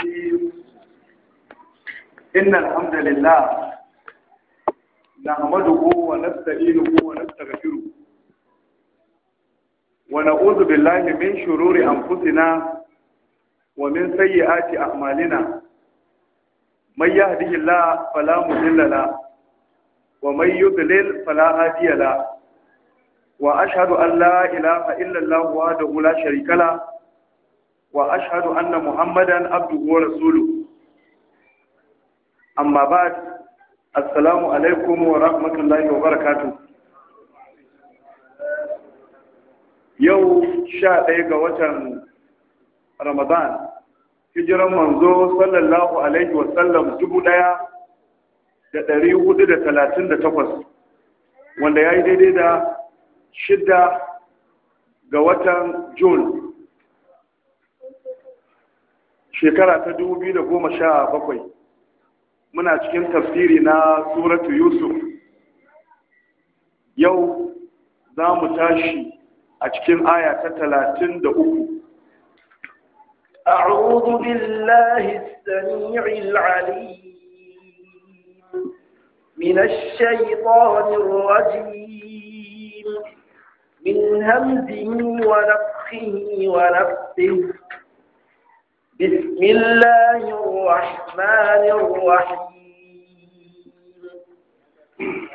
الرجيم إن الحمد لله نعمده ونستعينه ونستغفره ونعوذ بالله من شرور أنفسنا ومن سيئات أعمالنا من يهده الله فلا مضل له ومن يضلل فلا هادي له وأشهد أن لا إله إلا الله وحده لا شريك له وأشهد أن محمدا عبده ورسوله أما بعد السلام عليكم ورحمة الله وبركاته يوم شاء ga watan رمضان hijiran manzo sallallahu alaihi sallam dubu ɗaya da ɗari hudu da talatin da takwas wanda ya yi daidai da shidda ga watan june shekara ta dubu da goma sha bakwai muna cikin tafsiri na suratu yusuf yau za mu tashi a cikin aya ta talatin da uku أعوذ بالله السميع العليم من الشيطان الرجيم من همزه ونفخه ونفسه بسم الله الرحمن الرحيم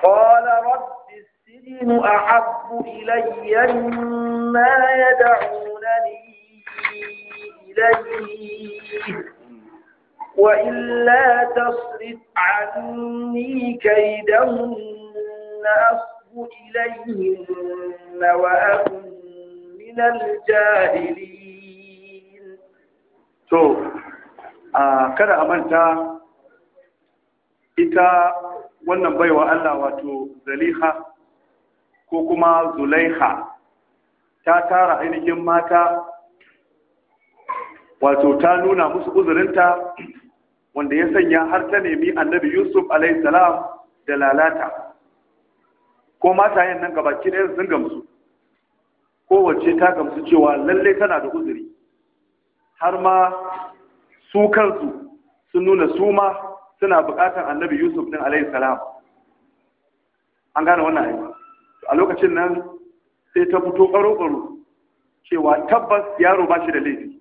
قال رب السجن أحب إلي مما يدعونني إليه وإلا تصرف عني كيدهن أصب إليهن وأكن من الجاهلين to a kada a manta ita wannan baiwa Allah wato zaliha ko kuma zulaiha ta tara ainihin mata wato ta nuna musu uzurinta wanda ya sanya har ta nemi annabi yusuf alaihissalam da lalata ko matayen nan gabaki ɗaya sun gamsu kowace ta gamsu cewa lallai tana da uzuri har ma su kansu sun nuna su ma suna bukatar annabi yusuf ɗin alayhi salam an gane wannan ayi a lokacin nan sai ta fito ƙaro-ƙaro cewa tabbas yaro ba shi da laifi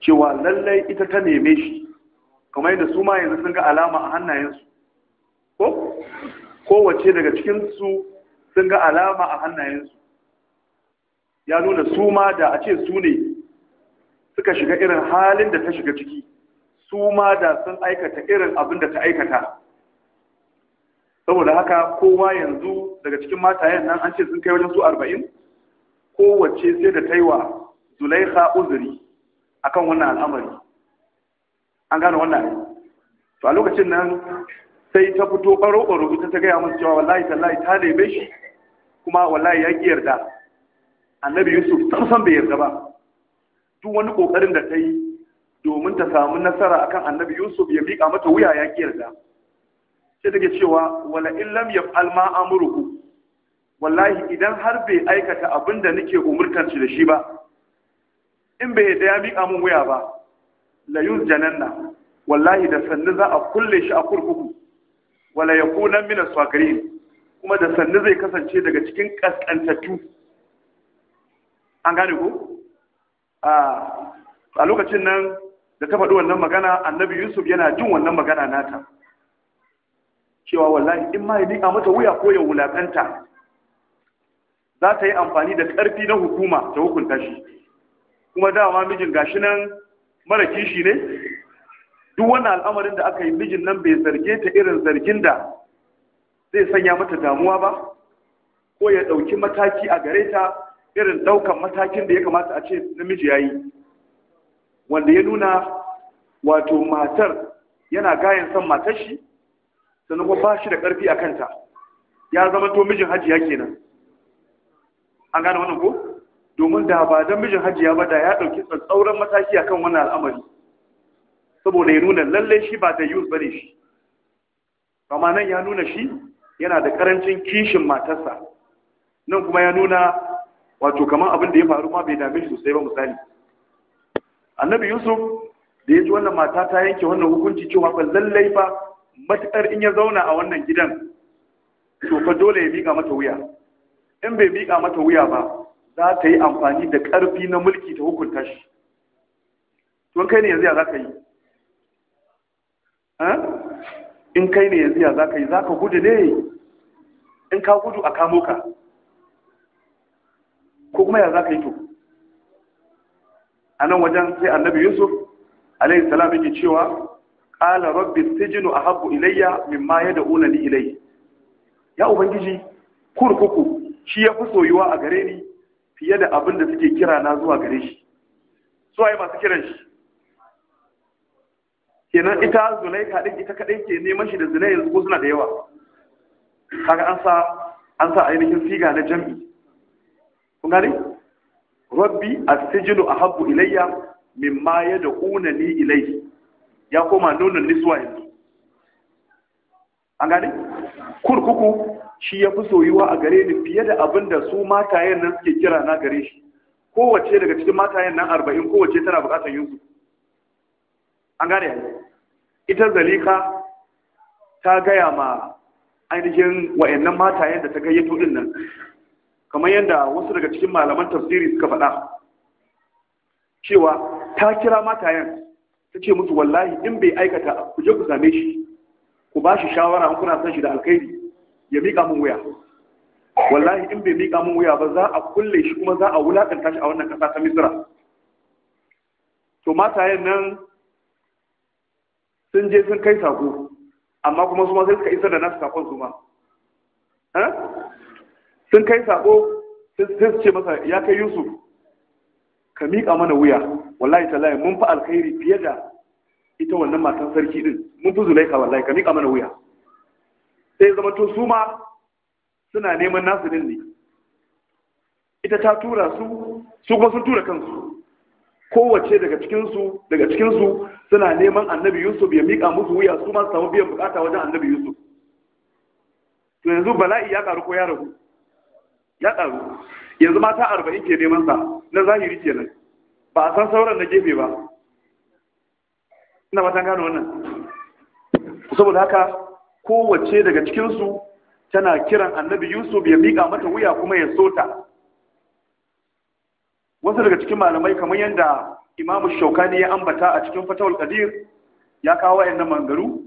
cewa lallai ita ta neme shi kamar yadda su ma yanzu sun ga alama a hannayensu ko kowace daga cikinsu sun ga alama a hannayensu ya nuna su ma da a ce su ne suka shiga irin halin da ta shiga ciki su ma da sun aikata irin abin da ta aikata saboda haka kowa yanzu daga cikin matayen nan an ce sun kai wajen su arba'in kowace sai da ta yi wa zulaiha uzuri a kan wannan al'amari an gane wannan to a lokacin nan sai ta fito ɓaro-ɓaro ita ta gaya musu cewa wallahi tallahi ta neme shi kuma wallahi ya ƙi yarda annabi yusuf san bai yarda ba duk wani kokarin da ta yi domin ta samu nasara akan annabi yusuf ya miƙa mata wuya ya yarda sai take cewa wala in lam yaf'al ma amruhu wallahi idan har bai aikata abin da nake umurtar shi da shi ba in bai da ya miƙa min wuya ba la yuzjananna wallahi da sannu za a kulle shi a kurkuku wala yakuna min as-sagirin kuma da sannu zai kasance daga cikin kaskantattu an gane ko a lokacin nan da ta faɗi wannan magana annabi yusuf yana jin wannan magana nata cewa wallahi in ma yi a mata wuya ko ya wulaƙanta za ta yi amfani da ƙarfi na hukuma ta hukunta shi kuma dama mijin gashi nan mara kishi ne duk wannan al'amarin da aka yi mijin nan bai zarge ta irin zargin da zai sanya mata damuwa ba ko ya ɗauki mataki a gare ta irin ɗaukan matakin da ya kamata a ce namiji ya yi wanda ya nuna wato matar yana gayan son matar shi sannan kuma ba shi da ƙarfi a kanta ya zama to mijin hajiya kenan an gane wannan ko domin da ba don mijin hajiya ba da ya ɗauki tsatsauran mataki akan wannan al'amari saboda ya nuna lallai shi ba da yus bane shi amma nan ya nuna shi yana da ƙarancin kishin matarsa nan kuma ya nuna wato kamar abin da ya faru ma bai dame shi sosai ba misali annabi yusuf da ya ji wannan mata ta yanke wannan hukunci cewa ba lallai ba matukar in ya zauna a wannan gidan to fa dole ya miƙa mata wuya in bai miƙa mata wuya ba za ta yi amfani da ƙarfi na mulki ta hukunta shi to kai ne yanzu ya za ka yi eh? in kai ne yanzu ya za ka yi za ka gudu ne in ka gudu a kamo ka ko kuma ya za ka yi to a nan wajen sai annabi yusuf alayhi salam yake cewa qala rabbi a ahabbu ilayya mimma yad'unani ilayhi ya ubangiji kurkuku shi ya fi soyuwa a gare ni fiye da abin da suke kira na zuwa gare shi su waye masu kiran shi kenan ita zulaika din ita kadai ke neman shi da zina yanzu ko suna da yawa kaga an sa an sa ainihin siga na jam'i kun rabbi as a ahabbu ilayya mimma ni ilayhi ya koma nuna niswa yanzu an gani kurkuku shi ya fi soyuwa a gare ni fiye da abin da su matayen nan suke kira na gare shi kowace daga cikin matayen nan arba'in kowace tana bukatar yusuf an gane ita zalika ta gaya ma ainihin wa'annan matayen da ta gayyato din nan kamar yadda wasu daga cikin malaman tafsiri suka faɗa cewa ta kira matayen ta ce musu wallahi in bai aikata ku je ku same shi ku ba shi shawara in kuna son shi da alkhairi ya miƙa min wuya wallahi in bai miƙa min wuya ba za a kulle shi kuma za a wulaƙanta shi a wannan ƙasa ta misira to matayen nan sun je sun kai sako amma kuma su ma sai suka isar da nasu sakon su ma eh? sun kai sako sai su ce masa ya kai yusuf ka miƙa mana wuya wallahi talahi mun fi alkhairi fiye da ita wannan matan sarki din mun fi zulaika wallahi ka miƙa mana wuya sai zama to su ma suna neman nasu din ne ita ta tura su su kuma sun tura kansu kowace daga cikinsu daga cikinsu suna neman annabi yusuf ya miƙa musu wuya su ma su samu biyan bukata wajen annabi yusuf to yanzu bala'i ya karu ko ya ragu ya ɗaru yanzu mata arba'in ke neman sa na zahiri kenan ba a san sauran na gefe ba ina ba gano wannan saboda haka kowace daga cikinsu tana kiran annabi yusuf ya miƙa mata wuya kuma ya so ta. wasu daga cikin malamai kamar yadda imamu shaukani ya ambata a cikin fatawar Kadir ya kawo wayannan mangaru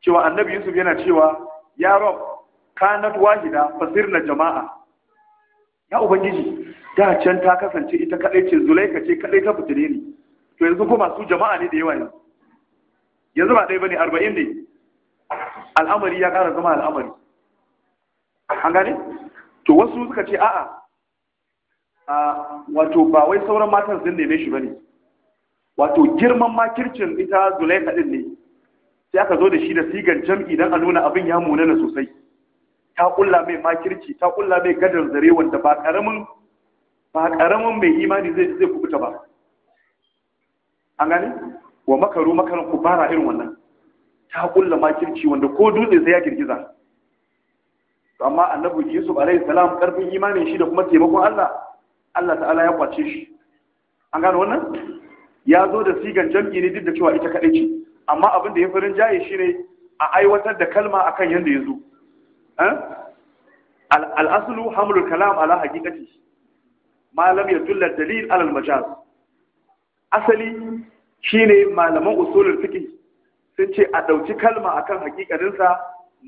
cewa annabi yusuf yana cewa ya rob kanat wahida fasirna jama'a ya ubangiji da can ta kasance ita kadai ce zulaika ce kadai ta fitire ne to yanzu kuma su jama'a ne da yawa ne? yanzu ba ɗaya bane arba'in ne al'amari ya ƙara zama al'amari an gane to wasu suka ce a'a a wato ba wai sauran matan sun neme shi bane wato girman makircin ita zulaika din ne sai aka zo da shi da sigan jam'i dan a nuna abin ya munana sosai ta kulla mai makirci ta kulla mai gadar zare wanda ba karamin ba karamin mai imani zai zai kubuta ba an gane wa makaru makaran ku bara irin wannan ta kulla makirci wanda ko dutse sai ya girgiza amma annabi Yusuf alaihi salam karfin imanin shi da kuma taimakon Allah Allah ta'ala ya kwace shi an gane wannan ya zo da sigan jam'i ne duk da cewa ita kadai ce amma abin da ya farin jaye shine a aiwatar da kalma akan yanda ya zo Eh? al'asulu hamlul kalam ala haƙiƙaci. malam ya dullar dalil alal majaz asali shi ne malaman usulul fiqh sun ce a ɗauki kalma akan haƙiƙarinsa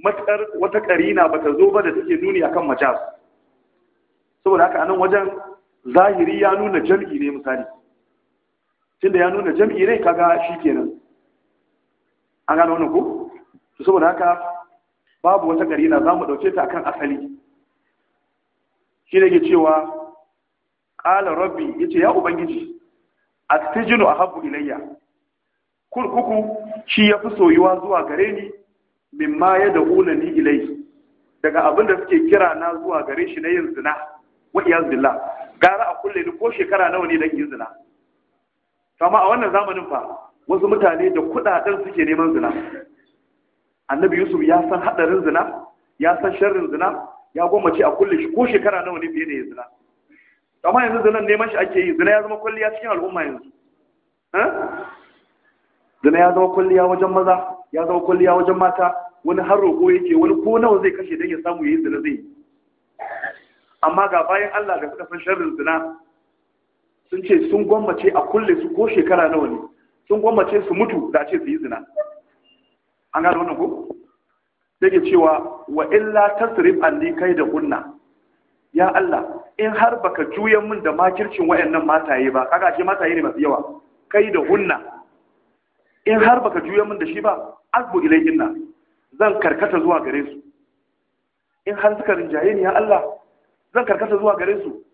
matar wata ƙarina bata zo ba da take nuni akan majaz saboda haka anan wajen zahiri ya nuna jam'i ne misali tunda ya nuna jam'i ne kaga shi kenan. an gano wannan ko saboda haka babu wata karina za mu ɗauke ta akan asali shi ne ke cewa ƙala rabbi ya ce ya ubangiji a tijinu a habu ilayya kurkuku shi ya fi soyuwa zuwa gare ni min ya da ni ilai daga abin da suke kira na zuwa gare shi na yin zina wa iyaz billah gara a kulle ni ko shekara nawa ne dan yin zina to amma a wannan zamanin fa wasu mutane da kudaden suke neman zina annabi yusuf ya san hadarin zina ya san sharrin zina ya gwammace a kulle shi ko shekara nawa ne fiye da ya zina amma yanzu zinan neman shi ake yi zina ya zama kwalliya cikin al'umma yanzu eh? zina ya zama kwalliya wajen maza ya zama kwalliya wajen mata wani har roƙo yake wani ko nawa zai kashe don ya samu ya yi zina zai amma ga bayan Allah da suka san sharrin zina sun ce sun gwammace a kulle su ko shekara nawa ne sun gwammace su mutu da ce su yi zina an gano wannan ko yake cewa wa illa tasrif anni kai da kunna ya Allah in har baka juya min da makircin wayannan mataye ba kaga shi mataye ne masu yawa kai da hunna in har baka juya mun da shi ba azbu ilayhinna zan karkata zuwa gare su in har suka rinjaye ni ya Allah zan karkata zuwa gare su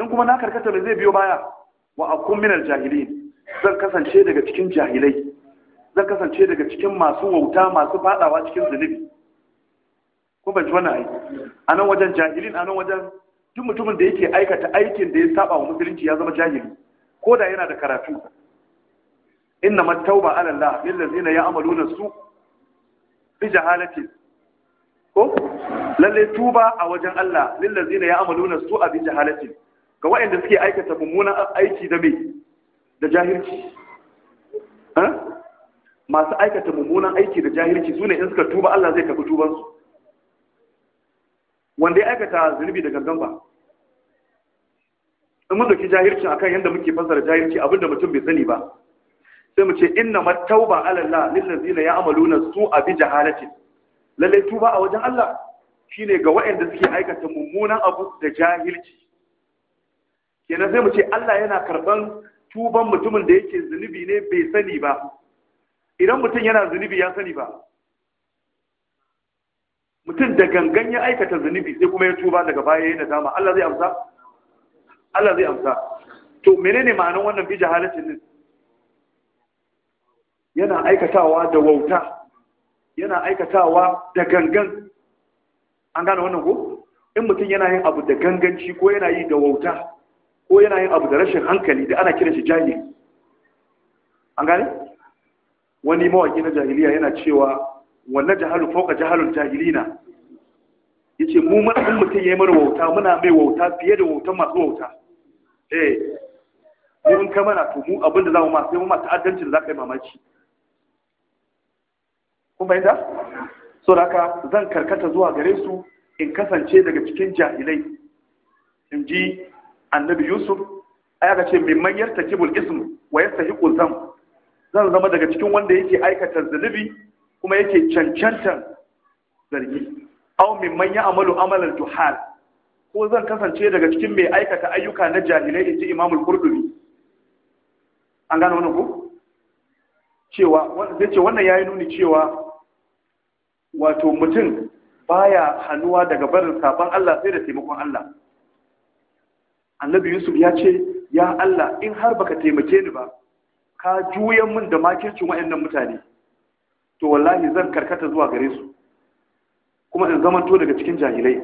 in kuma na karkata me zai biyo baya wa akun minal jahilin zan kasance daga cikin jahilai zan kasance daga cikin masu wauta masu fadawa cikin zunubi ko ban ji wannan aiki a nan wajen jahilin a nan wajen duk mutumin da yake aikata aikin da ya saba wa musulunci ya zama jahili ko da yana da karatu inna mattauba ala Allah ladina ya'maluna su bi jahalati ko lalle tuba a wajen Allah ladina ya'maluna su bi jahalati ga waɗanda suke aikata mummunan aiki da me da jahilci masu aikata mummunan aiki da jahilci su ne in suka tuba Allah zai karɓi tubansu wanda ya aikata zunubi da gangan ba in mun dauki jahilci akan yadda muke fassara jahilci abinda mutum bai sani ba sai mu ce inna matauba ala Allah lillazina ya'maluna su'a bi jahalati lalle tuba a wajen Allah shine ga waɗanda suke aikata mummunan abu da jahilci kenan sai mu ce Allah yana karban tuban mutumin da yake zunubi ne bai sani ba idan mutum yana zunubi ya sani ba mutum da gangan ya aikata zunubi sai kuma ya tuba daga baya yana dama Allah zai amsa Allah zai amsa to menene ma'anar wannan bi jahalatin din yana aikatawa da wauta yana aikatawa da gangan an gane wannan ko in mutum yana yin abu da ganganci ko yana yi da wauta ko yana yin abu da rashin hankali da ana kiran shi jahili an gane wani mawaki na jahiliya yana cewa wannan jahalu fauka jahalun jahilina ce mu mun mutum yi mana wauta muna mai wauta fiye da wautan masu wauta eh mu in ka mana to mu abin da mu ma sai mu ma ta'addancin da yi mamaki kun fahimta so da haka zan karkata zuwa gare su in kasance daga cikin jahilai in ji annabi yusuf aya ka ce mimman yartakibul ism wa yastahiqu zam zan zama daga cikin wanda yake aikata zulubi kuma yake cancantan zargi aw min man ya'malu amalan juhal ko zan kasance daga cikin mai aikata ayyuka na jahilai inji imamul qurtubi an gano wannan ko cewa wanda ce wannan yayi nuni cewa wato mutum baya hannuwa daga barin sabon Allah sai da taimakon Allah annabi yusuf ya ce ya Allah in har baka taimake ni ba ka juyan min da makircin wa'annan mutane to wallahi zan karkata zuwa gare su kuma in to daga cikin jahilai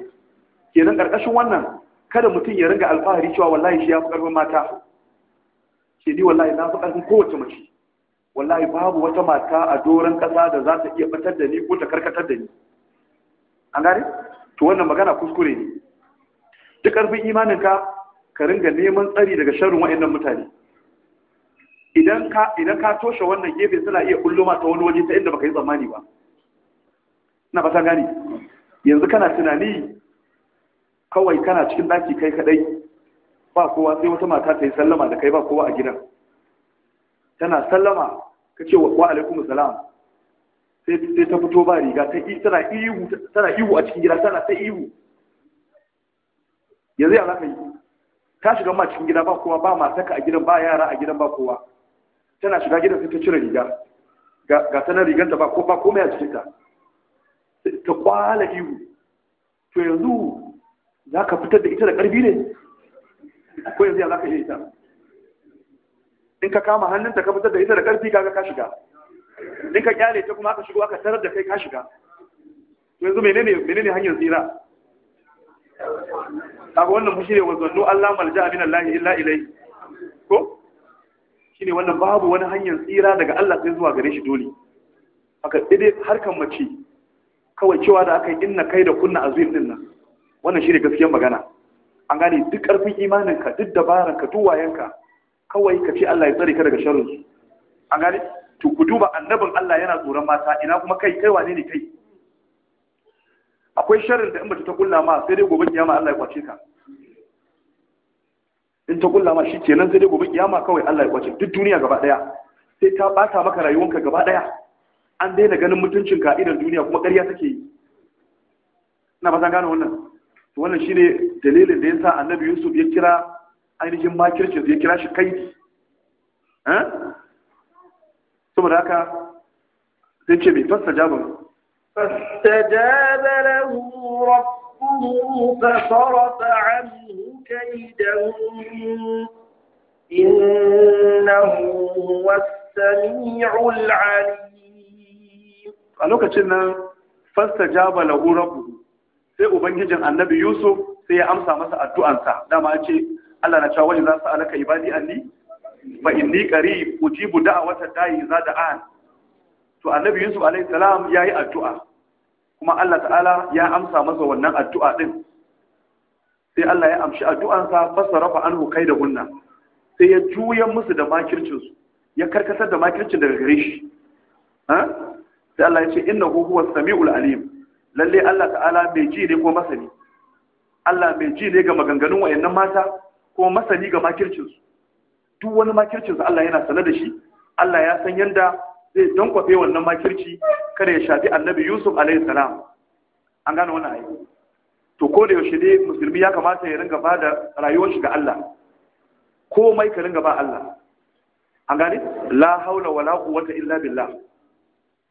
kenan karkashin wannan kada mutum ya ringa alfahari cewa wallahi shi ya fi karfin mata ce ni wallahi na fi karfin kowace mace wallahi babu wata mata a doron kasa da za ta iya fitar da ni ko ta karkatar da ni an gare? to wannan magana kuskure ne duk karfin imaninka ka ringa neman tsari daga sharrin waɗannan mutane idan ka idan ka toshe wannan gefe suna iya kulluma ta wani waje ta inda baka yi tsammani ba na ba ta gani yanzu kana tunani kawai kana cikin daki kai kadai ba kowa sai wata mata ta yi sallama da kai ba kowa a gidan tana sallama ka ce wa alaikum salam sai ta fito ba riga ta tana ihu tana ihu a cikin gida tana ta ihu yanzu ya za ka yi ta shiga ma cikin gida ba kowa ba mataka a gidan ba yara a gidan ba kowa tana shiga gidan sai ta cire riga ga ta riganta ba ko ba komai a jikinta. ta ta kwala ihu to yanzu za ka fitar da ita da ƙarfi ne ko yanzu ya za ka ita in ka kama hannunta ka fitar da ita da ƙarfi kaga ka shiga in ka kyale ta kuma aka shigo aka tarar da kai ka shiga To yanzu menene menene hanyar tsira kaga wannan mushi ne wa zannu Allah malja min Allah illa ilai ko shine wannan babu wani hanyar tsira daga Allah sai zuwa gare shi dole haka dai harkan mace kawai cewa da aka yi inna kai da kunna azim din nan wannan shine gaskiyar magana an gane duk karfin imaninka duk ka duwayen ka kawai ka ce Allah ya tsare ka daga sharrin su an gane to ku duba annabin Allah yana tsoron mata ina kuma kai kai wane ne kai akwai sharrin da in mace ta kulla ma sai dai gobe kiyama Allah ya kwace ka in ta kulla ma shi kenan sai dai gobe kiyama kawai Allah ya kwace duk duniya gaba daya sai ta bata maka rayuwanka gaba daya an daina ganin mutuncin ka idan duniya kuma ƙarya take yi ina ba san gane wannan to wannan shine dalilin da yasa Annabi Yusuf ya kira ainihin makircin ya kira shi kai eh saboda haka sai ce mai fasta jabin fasta jabala rabbi ربه فصرف عنه كيدهم إنه هو السميع العليم a lokacin nan له ربه sai ubangijin annabi yusuf sai ya amsa masa addu'ansa dama ya ce Allah na cewa za su alaka ibadi anni fa inni qarib ujibu da'wata da'i za da'an to annabi yusuf alaihi salam yayi addu'a kuma Allah ta'ala ya amsa masa wannan addu'a din sai Allah ya amshi addu'ansa fasarafa anhu da hunna sai ya juya musu da makircin ya karkatar da makircin daga gare shi ha sai Allah ya ce innahu huwa samiul alim lalle Allah ta'ala mai ji ne ko masani Allah mai ji ne ga maganganun wayannan mata ko masani ga makircin duk wani makircin su Allah yana sanar da shi Allah ya san yanda zai dankwafe wannan makirci kada ya shafi annabi yusuf alaihi salam an gane wannan ayi to ko da yaushe dai musulmi ya kamata ya ringa bada rayuwar shi ga Allah komai ka ringa ba Allah an gane la haula wala quwwata illa billah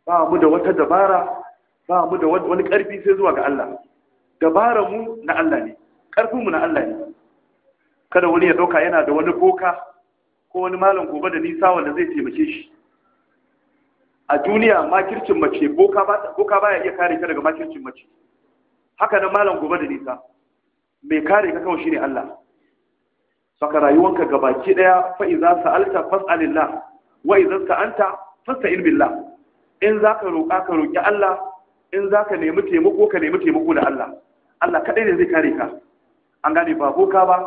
ba mu da wata dabara ba mu da wani karfi sai zuwa ga Allah dabaran mu na Allah ne karfin mu na Allah ne kada wani ya dauka yana da wani boka ko wani malam gobe da nisa wanda zai taimake shi a duniya makircin mace boka baya iya kare ka daga makircin mace haka nan malam gobe da nisa mai kare ka kawai shine Allah saka rayuwanka gabaki daya fa idza sa'alta fas'alillah wa idza sta'anta fasta'in billah in zaka roƙa ka roƙi Allah in zaka nemi taimako ka nemi taimako da Allah Allah kaɗai ne zai kare ka an gane ba boka ba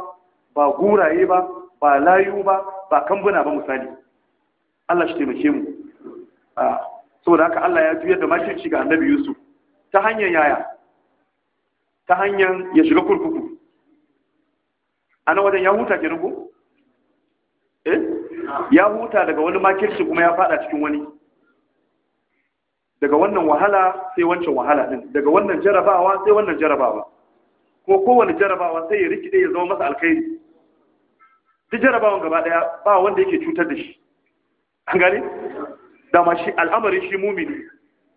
ba guraye ba ba layu ba ba kambuna ba misali Allah shi taimake mu Ah, saboda haka Allah ya juyar da makirci ga annabi Yusuf ta hanyar yaya ta hanyar ya shiga kurkuku ana wajen ya huta kenan ko eh ya huta daga wani makirci kuma ya fada cikin wani daga wannan wahala sai wancan wahala din daga wannan jarabawa sai wannan jarabawa ko kowane jarabawa sai ya rikide ya zama masa alkhairi duk jarabawan gaba daya ba wanda yake cutar da shi an gane dama shi al'amarin shi mumini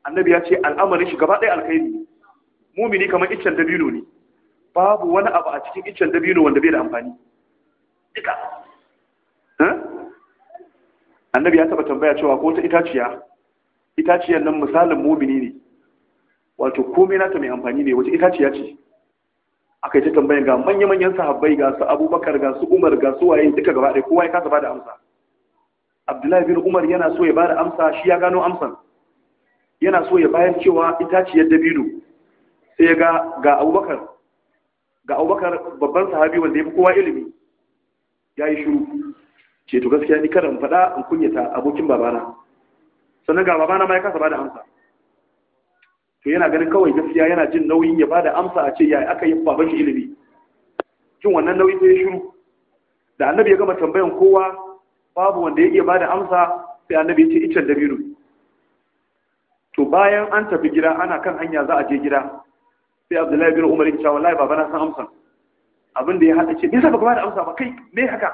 annabi ya ce al'amarin shi gaba ɗaya alkhairi mumini kamar iccen dabino ne babu wani abu a cikin iccen dabino wanda bai da amfani duka eh? annabi ya taba tambaya cewa ko ta itaciya itaciyar nan misalin mumini ne wato komai nata mai amfani ne wace itaciya ce aka yi ta tambayan ga manya-manyan sahabbai ga su abubakar ga su umar ga su waye duka gaba ɗaya kowa ya kasa ba da amsa abdullahi bin umar yana so ya bada amsa shi ya gano amsan yana so ya bayan cewa yadda dabino sai ya ga ga abubakar ga abubakar babban sahabi wanda ya fi kowa ilimi ya yi shuru ce to gaskiya ni kada in faɗa in kunyata abokin babana sannan ga babana ma ya kasa bada amsa to yana ganin kawai gaskiya yana jin nauyin ya bada amsa a ce ya aka yi baban shi ilimi jin wannan nauyi sai ya shiru da annabi ya gama tambayan kowa babu wanda yake bada amsa sai annabi ce icen dabiru. to bayan an tafi gida ana kan hanya za a je gida sai abdullahi bin umar ya ce wallahi baba na san amsa abin da ya hada ce bisa yasa ba bada amsa ba kai me haka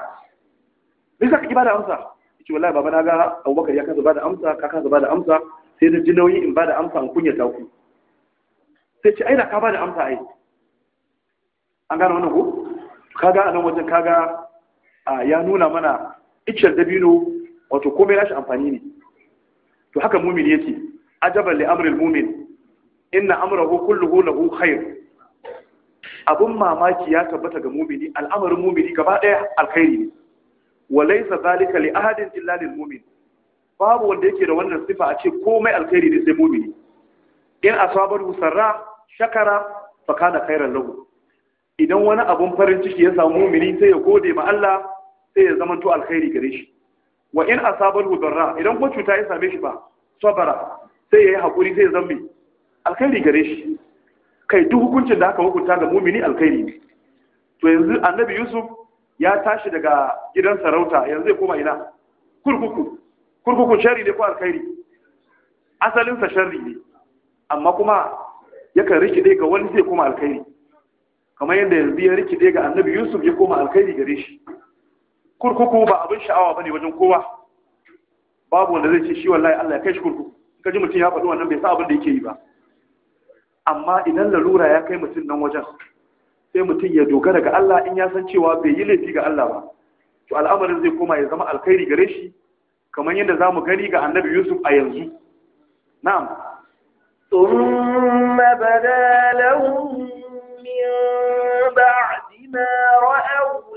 bisa ka ba bada amsa ce wallahi baba na ga Abubakar ya kasa bada amsa ka kasa bada amsa sai da ji nauyi in bada amsa in kunya ta ku sai ce aina ka bada amsa ai an gano wannan ko kaga a nan wajen kaga ya nuna mana icciyar dabino wato komai nashi amfani ne to haka mumin yake ce li amril mumin inna amrahu kulluhu lahu khair abun mamaki ya tabbata ga mumini al'amarin mumini gaba ɗaya alkhairi ne wa laysa zalika li ahadin illa mumin babu wanda yake da wannan sifa a ce komai alkhairi ne sai mumini in a sabar husarra shakara fa da khairan lahu idan wani abun farin ciki ya samu mumini sai ya gode ma Allah sai ya zama to alkhairi gare shi wa in asabal hudarra idan ko cuta ya same shi ba sabara sai yayi hakuri sai ya zama alkhairi gare shi kai duk hukuncin da aka hukunta ga mumini alkhairi ne to yanzu annabi yusuf ya tashi daga gidan sarauta yanzu ya koma ina kurkuku kurkuku shari ne ko alkhairi asalinsa shari ne amma kuma yakan rikide ga wani zai koma alkhairi kamar yadda yanzu ya rikide ga annabi yusuf ya koma alkhairi gare shi kurkuku ba abin sha'awa bane wajen kowa babu wanda zai ce shi wallahi Allah ya kai shi kurkuku ka ji mutum ya faɗi wannan bai sa abin da yake yi ba amma idan lalura ya kai mutum nan wajen sai mutum ya dogara ga Allah in ya san cewa bai yi laifi ga Allah ba to al'amarin zai koma ya zama alkhairi gare shi kamar yadda za mu gani ga annabi Yusuf a yanzu na'am ثم بدا لهم من بعد ما رأوا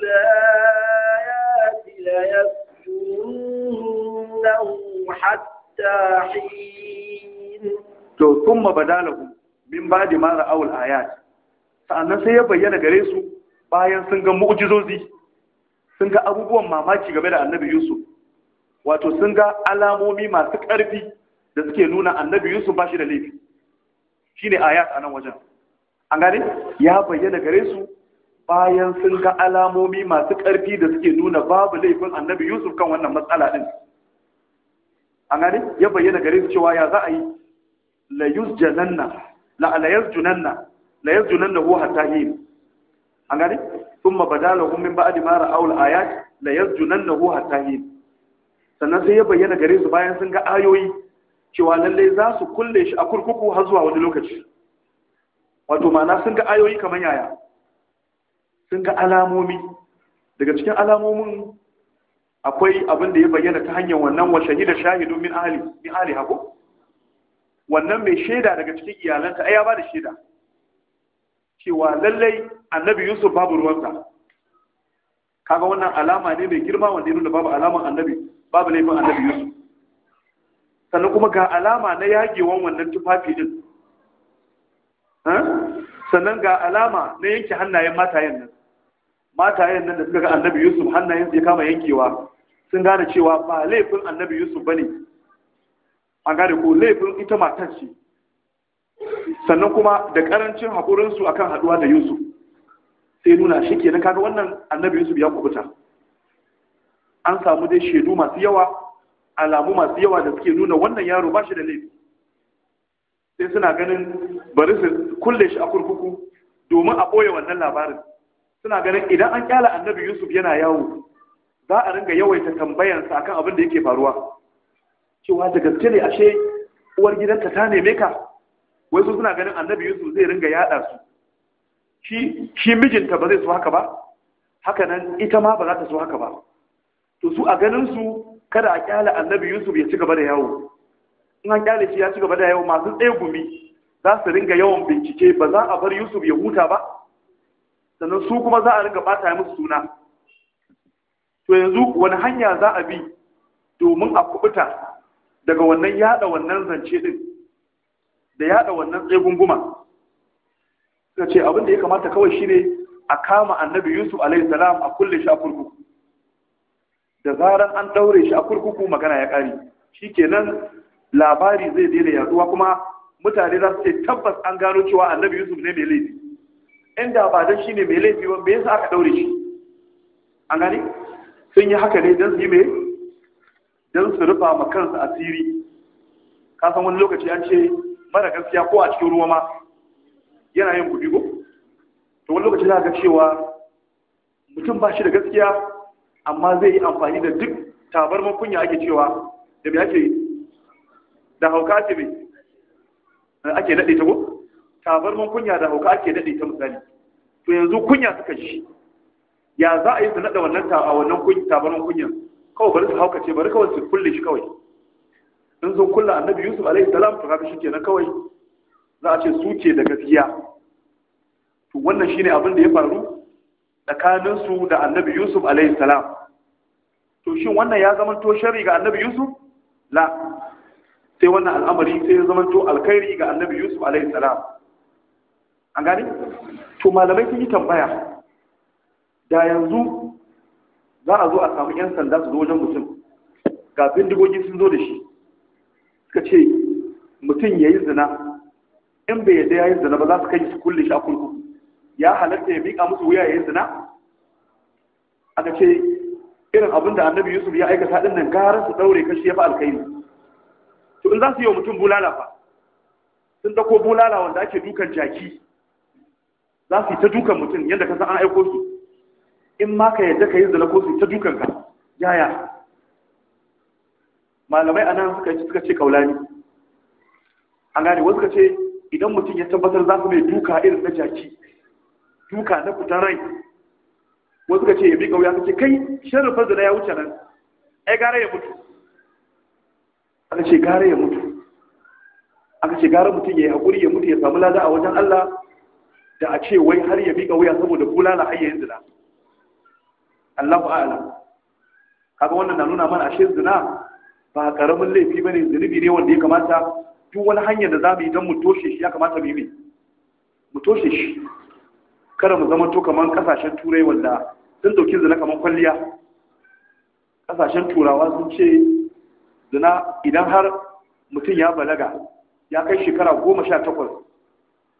ليسجننه حتى حين to thumma badalahu min ba'di ma ra'awul ayat sa'annan sai ya bayyana gare su bayan sun ga mu'jizozi sun ga abubuwan mamaki game da annabi Yusuf wato sun ga alamomi masu ƙarfi da suke nuna annabi Yusuf ba shi da laifi shine ayat a nan wajen an gane ya bayyana gare su bayan sun ga alamomi masu ƙarfi da suke nuna babu laifin annabi yusuf kan wannan matsala ɗin an gani ya bayyana gare su cewa ya za a yi la yusjananna la la yusjananna la yusjananna huwa hatta hin an gane thumma badala hum min ba'di ma ra'aw ayat la yusjananna huwa hatta yi sannan sai ya bayyana gare su bayan sun ga ayoyi cewa lallai za su kulle shi a kurkuku har zuwa wani lokaci wato ma'ana sun ga ayoyi kamar yaya sun ga alamomi daga cikin alamomin akwai abin da ya bayyana ta hanyar wannan wa shahida shahidu min ahli min ahli hako wannan mai shaida daga cikin iyalanta ai ya bada shaida cewa lallai annabi yusuf babu ruwansa kaga wannan alama ne mai girma wanda ya nuna babu alaman annabi babu laifin annabi yusuf sannan kuma ga alama na yagewan wannan tufafi din sannan ga alama na yanke hannayen matayen nan matayen nan da suka ga annabi yusuf hannayen ya kama yankewa sun gane cewa ba laifin annabi yusuf ba ne an gane ko laifin ita matar ce sannan kuma da karancin haƙurinsu akan haɗuwa da yusuf sai nuna shi ke nan kaga wannan annabi yusuf ya kubuta an samu dai shaidu masu yawa alamu masu yawa da suke nuna wannan yaro ba shi da laifi sai suna ganin bari su kulle shi a kurkuku domin a ɓoye wannan labarin suna ganin idan an kyala annabi yusuf yana yawo za a ringa yawaita tambayansa akan abin da yake faruwa cewa da gaske ne ashe uwar gidanka ta neme ka wai su suna ganin annabi yusuf zai ringa yada su shi shi mijinta ba zai so haka ba haka nan ita ma ba za ta so haka ba to su a ganin su kada a kyala annabi yusuf ya ci gaba da yawo in an kyale shi ya ci gaba da yawo masu tsegumi gumi za su ringa yawan bincike ba za a bar yusuf ya huta ba sannan su kuma za a ringa bata musu suna to yanzu wani hanya za a bi domin a kubuta daga wannan yada wannan zance din da yada wannan gunguma suka ce abin da ya kamata kawai shine a kama annabi yusuf alaihi salam a kulle shi a kurkuku da zaran an daure shi a kurkuku magana ya kare shikenan labari zai daina yaduwa kuma mutane za su ce tabbas an gano cewa annabi yusuf ne mai laifi inda ba dan shine mai laifi ba me yasa aka daure shi an gani sun yi haka ne dan su yi mai dan su rufa ma kansu asiri ka san wani lokaci an ce mara gaskiya ko a cikin ruwa ma yana yin gudigo to wani lokaci za ka cewa mutum ba shi da gaskiya amma zai yi amfani da duk tabarman kunya ake cewa da mai ake da hauka ake mai ake daɗe ta ko tabarman kunya da hauka ake daɗe ta misali to yanzu kunya suka ji ya za a yi su naɗa wannan ta a wannan kunya tabarin kunya kawai bari su haukace bari kawai su kulle shi kawai in sun kulla annabi yusuf alaihi salam to kaga shikenan kawai za a ce su ke da gaskiya to wannan shine abin da ya faru tsakanin su da annabi yusuf alaihi salam to shin wannan ya zama to sharri ga annabi yusuf la sai wannan al'amari sai ya zama to alkhairi ga annabi yusuf alaihi salam an gane to malamai sun yi tambaya da yanzu za a zo a samu 'yan sanda su zo wajen mutum ga bindigogi sun zo da shi suka ce mutum ya yi zina in bai yadda ya yi zina ba za su kai su kulle shi a kurkuku ya halatta ya miƙa musu wuya ya yi zina aka ce irin abin da annabi yusuf ya aikata ɗin nan gara su ɗaure kashi ya fi alkaini to in za su yi wa mutum bulala fa sun dako bulala wanda ake dukan jaki za su yi ta dukan mutum yadda ka san an aiko su in ma ka yadda ka yi zana ko su yi ta dukan ka yaya malamai anan suka suka ce kaulani an gane wasu ka ce idan mutum ya tabbatar za su mai duka irin na jaki duka na fitan rai wasu ka ce ya bi kauya ka ce kai sharafar zina ya wuce nan ai gara ya mutu aka ce gara ya mutu aka ce gara mutum ya yi haƙuri ya mutu ya samu lada a wajen Allah da a ce wai har ya miƙa wuya saboda bulala har yayin zina Allahu a'lam kaga wannan na nuna mana ashe zina ba karamin laifi bane zunubi ne wanda ya kamata duk wani hanyar da mu yi don mu toshe shi ya kamata mu yi mu toshe shi kada mu zama to kaman kasashen turai wanda sun dauki zina kaman kwalliya kasashen turawa sun ce zina idan har mutum ya balaga ya kai shekara goma sha takwas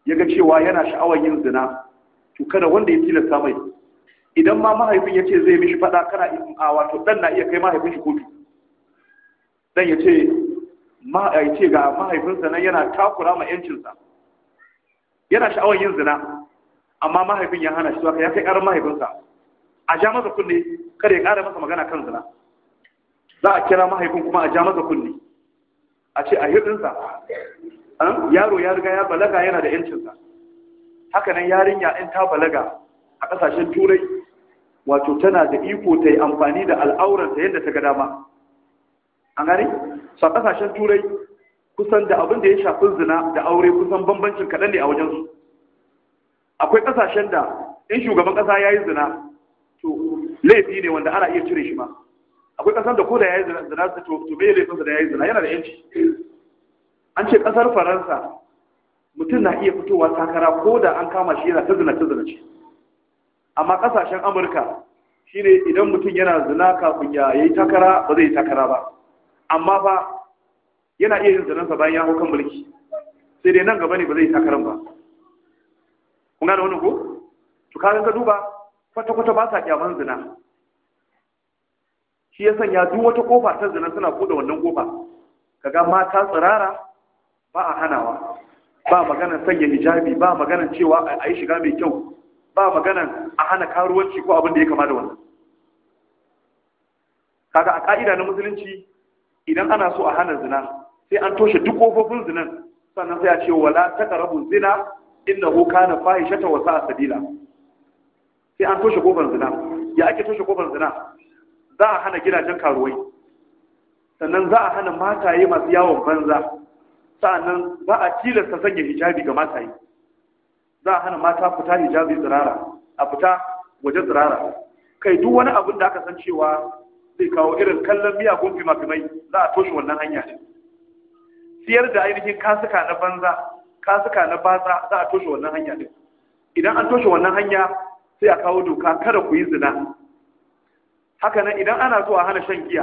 ya ga cewa yana sha'awar yin zina to kada wanda ya tilasta mai idan ma mahaifin ya ce zai mishi faɗa kana in a wato dan na iya kai mahaifin shi kotu dan ya ce ma ya ce ga mahaifinsa nan yana takura ma yancinsa yana sha'awar yin zina amma mahaifin ya hana shi zuwa ya kai ƙarar mahaifinsa a ja masa kunne kada ya ƙara masa magana kan zina za a kira mahaifin kuma a ja masa kunne a ce a hirɗinsa yaro ya riga ya balaga yana da yancinsa hakanan yarinya in ta balaga a kasashen turai wato tana da iko ta yi amfani da al'auranta yadda ta ga dama an gani su a kasashen turai kusan da abin da ya shafi zina da aure kusan bambancin kaɗan ne a wajensu akwai kasashen da in shugaban ƙasa ya yi zina to laifi ne wanda ana iya cire shi ma akwai ƙasar da ko da ya yi zina to bai laifinsa da ya yi zina yana da yanci an ce ƙasar faransa mutum na iya fitowa takara ko da an kama shi yana ta zina ta zina ce amma ƙasashen amurka shine idan mutum yana zina kafin ya yi takara ba zai yi takara ba amma ba yana iya yin zinansa bayan ya hau kan mulki sai dai nan gaba ne ba zai yi takaran ba kun gane wani ko to ka ga duba kwata-kwata ba sa kyaman zina shi ya sanya duk wata kofa ta zina suna buɗe wannan kofa kaga mata tsirara ba a hanawa ba magana sanya hijabi ba magana cewa a yi shiga mai kyau ba magana a hana karuwanci ko abin da ya kama da wannan kaga a ka'ida na musulunci idan ana so a hana zina sai an toshe duk kofofin zinan sannan sai a ce wala karabu zina hu kana fahishata wa sa'a sabila sai an toshe kofar zina ya ake toshe kofar zina za a hana gidajen karuwai sannan za a hana mataye masu yawon banza sa'annan za a tilasta sanya hijabi ga matayi za a hana mata fita hijabi zirara, a fita waje zirara. kai duk wani abin da aka san cewa zai kawo irin kallon miyagun fimafimai za a toshe wannan hanya ne siyar da ainihin kasuka na banza kasuka na baza za a toshe wannan hanya ne idan an toshe wannan hanya sai a kawo doka kada ku yi zina haka nan idan ana so a hana shan giya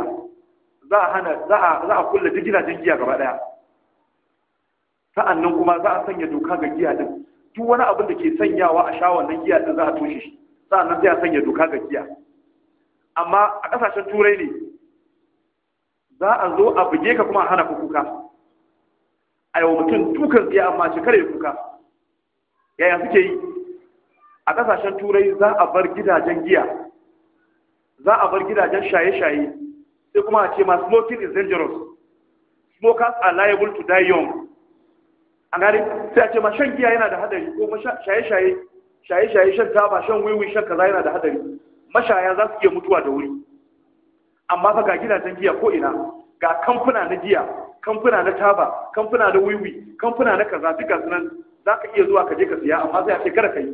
za a kulle duk gidajen giya gaba ɗaya. nan kuma za a sanya doka ga giya din duk wani abin da ke sanyawa a sha nan giya din za a toshe shi nan sai a sanya doka ga giya amma a ƙasashen turai ne za a zo a buge ka kuma a hana kuka a yau mutum dukan giya amma shi kare kuka yaya suke yi a ƙasashen turai za a bar gidajen giya za a bar gidajen shaye-shaye sai kuma a ce ma smoking is dangerous smokers are liable to die young a gari sai a ce ma shan giya yana da hadari ko shaye-shaye shaye-shaye shan taba shan wiwi shan kaza yana da hadari mashaya za su iya mutuwa da wuri amma fa ga gidajen giya ko ina ga kamfuna na giya kamfuna na taba kamfuna na wiwi kamfuna na kaza duka nan za ka iya zuwa ka je ka siya amma sai a ce kada ka yi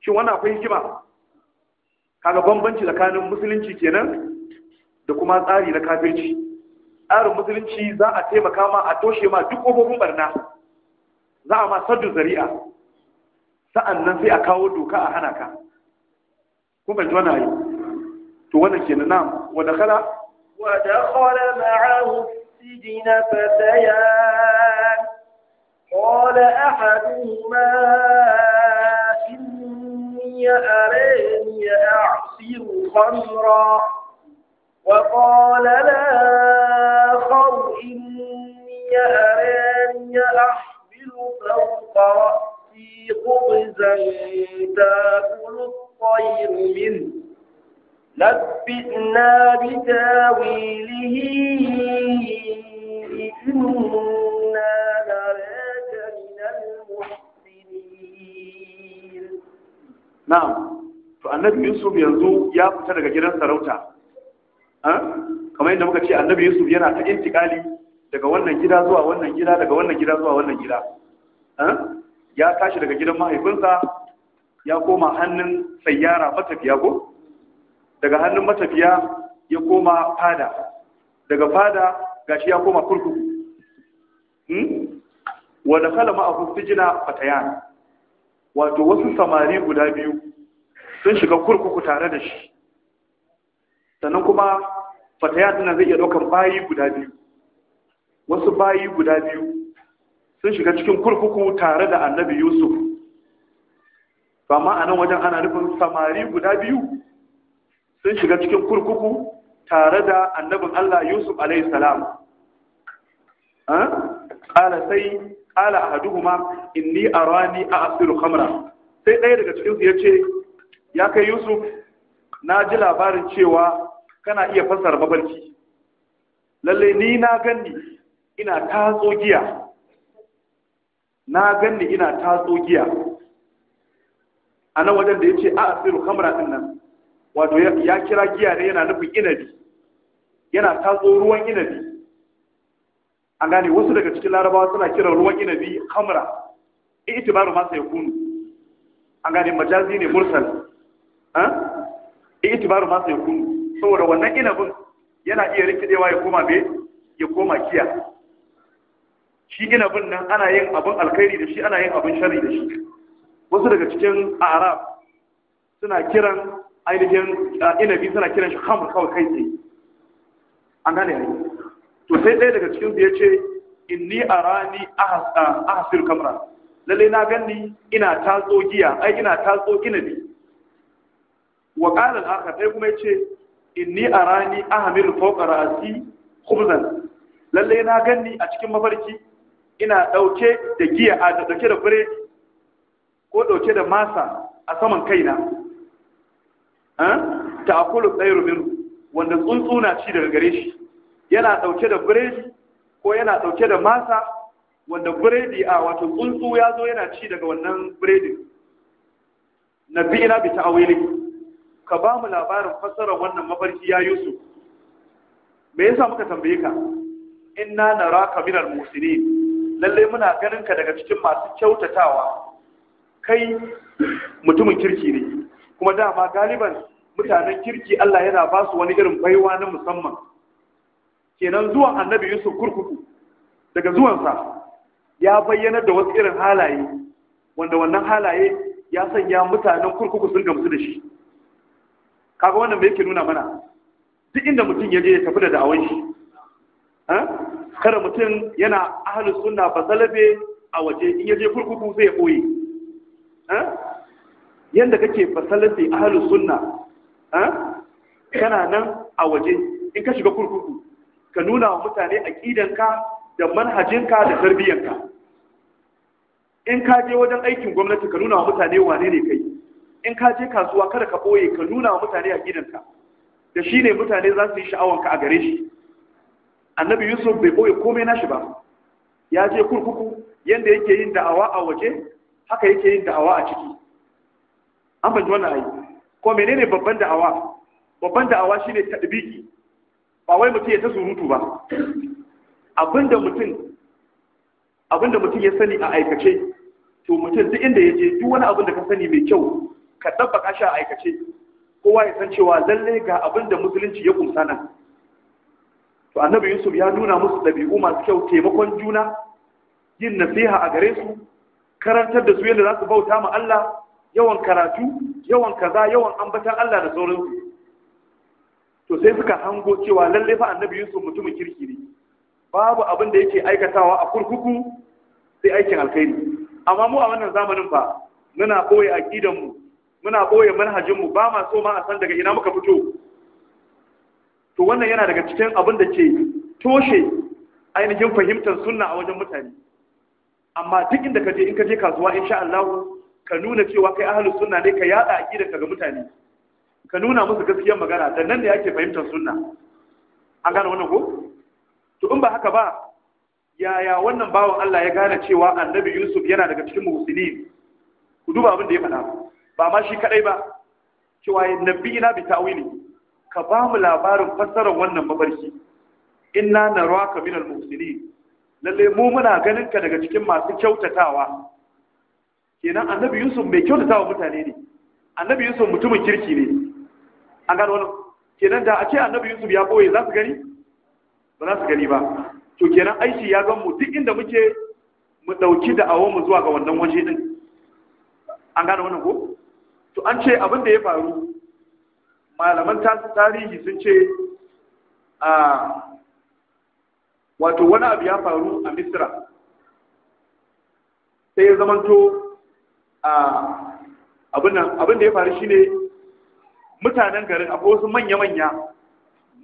shi wannan akwai hikima kaga bambanci tsakanin musulunci kenan da kuma tsari na kafirci tsarin musulunci za a taimaka ma a toshe ma duk ƙofofin barna za a ma saddu zari'a sa'an nan sai a kawo doka a hana ka Kuma fahimci wannan ayi to wannan ke na wa dakhala wa dakhala ma'ahu sijina fatayan ya are ya a siru khamra وقال لا قوم إني أراني أحمل فوق رأسي خبزا تأكل الطير منه نبئنا بتاويله إنا نراك من المحسنين نعم فالنبي يوسف ينزو يا فتنك جنان سروتا ها أه؟ kamar yadda muka ce annabi yusuf yana ta intikali daga wannan gida zuwa wannan gida daga wannan gida zuwa wannan gida ya tashi daga gidan mahaifinsa ya koma hannun sayyara matafiya ko daga hannun matafiya ya koma fada daga fada gashi ya koma kurkuku hmm? wa da kala ma'ahu sijina fatayan wato wasu samari guda biyu sun shiga kurkuku tare da shi sannan kuma fataya suna zai iya ɗaukan bayi guda biyu wasu bayi guda biyu sun shiga cikin kurkuku tare da annabi yusuf ba a nan wajen ana nufin samari guda biyu sun shiga cikin kurkuku tare da annabin allah yusuf a.s. ƙala sai ƙala a haduhuma inni a rani a asiru kamra sai ɗaya daga cikinsu ya ce ya kai yusuf na ji labarin cewa kana iya fassara mabarci lalle ni na ganni ina tatso giya na ganni ina tatso giya a nan wajen da ya ce a asiru kamra din nan wato ya kira giya ne yana nufin inabi yana tatso ruwan inabi an gane wasu daga cikin larabawa suna kiran ruwan inabi kamra itibaru ma sai kunu an gane majazi ne mursal eh itibaru ma sai kunu saboda wannan inabin yana iya rikidewa ya koma be ya koma kiya shi inabin nan ana yin abin alkhairi da shi ana yin abin sharri da shi wasu daga cikin arab suna kiran ainihin inabi suna kiran shi hamur kawai kai tsaye an gane ne to sai ɗaya daga cikin ya ce inni arani ahasir kamra lalle na ganni ina tatso giya ai ina tatso inabi wa qala al-akhar sai kuma yace inni arani ahmilu fawqa ra'si khubzan lalle na ganni a cikin mafarki ina dauke da giya a dauke da biredi ko dauke da masa a saman kaina ta akulu tsayar minu wanda tsuntsu na ci daga gare shi yana dauke da biredi ko yana dauke da masa wanda biredi a wato tsuntsu ya zo yana ci daga wannan biredin na bi ina bi ta'awili ka ba mu labarin fassara wannan mafarki ya yusuf me yasa muka tambaye ka inna naraka minal ne. lalle muna ganin ka daga cikin masu kyautatawa kai mutumin kirki ne kuma dama galiban mutanen kirki Allah yana ba su wani irin baiwa na musamman kenan zuwan annabi yusuf kurkuku daga zuwansa ya bayyana da wasu irin halaye wanda wannan halaye ya sanya mutanen kurkuku sun gamsu da shi kaga wannan me yake nuna mana duk inda mutum ya je ya tafi da da'awar shi eh? kada mutum yana ahli sunna ba salabe a waje in ya je kurkuku sai ya koyi eh? yanda kake ba salabe ahli sunna eh? kana nan a waje in ka shiga kurkuku ka nuna wa mutane aqidanka da manhajinka da tarbiyyanka in ka je wajen aikin gwamnati ka nuna wa mutane wane ne kai in ka je kasuwa kada ka boye ka nuna wa mutane a gidanka da shi ne mutane za su yi sha'awanka a gare shi annabi yusuf bai boye komai nashi ba ya je kurkuku yadda yake yin da'awa a waje haka yake yin da'awa a ciki an bai wannan ayi ko menene babban da'awa babban da'awa shine tadbiki ba wai mutum ya ta surutu ba abinda mutum abinda mutum ya sani a aikace to mutum duk inda ya je duk wani abin da ka sani mai kyau ka tabbaka shi a aikace kowa ya san cewa lalle ga abin da musulunci ya kumsa nan to annabi yusuf ya nuna musu ɗabi'u masu kyau taimakon juna yin nasiha a gare su karantar da su yadda za su bauta ma Allah yawan karatu yawan kaza yawan ambatan Allah da sauransu to sai suka hango cewa lalle fa annabi yusuf mutumin kirki ne babu abin da yake aikatawa a kurkuku sai aikin alkhairi amma mu a wannan zamanin fa muna koyi aqidan mu muna boye manhajinmu ba ma so ma a san daga ina muka fito to wannan yana daga cikin abin da ke toshe ainihin fahimtar sunna a wajen mutane amma duk inda ka je in ka je kasuwa insha Allah ka nuna cewa kai ahlus sunna ne ka yada aqidar ka ga mutane ka nuna musu gaskiyar magana da nan ne yake fahimtar sunna an gane wannan ko to in ba haka ba yaya wannan bawan Allah ya gane cewa annabi Yusuf yana daga cikin musulmi ku duba abin da ya faɗa ba ma shi kadai ba cewa nabiyina bi ta'wili ka ba mu labarin fassarar wannan mabarki. inna narwaka min al-muhsinin lalle mu muna ganin ka daga cikin masu kyautatawa kenan annabi yusuf mai kyautatawa mutane ne annabi yusuf mutumin kirki ne an gano wannan kenan da ake annabi yusuf ya boye za su gani ba za su gani ba to kenan aiki ya gan mu duk inda muke mu dauki da awon mu zuwa ga wannan waje din an gano wannan ko to an ce abin da ya faru malaman tarihi sun ce a wato wani abu ya faru a misra sai ya zamanto a abin da ya faru shine mutanen garin akwai wasu manya-manya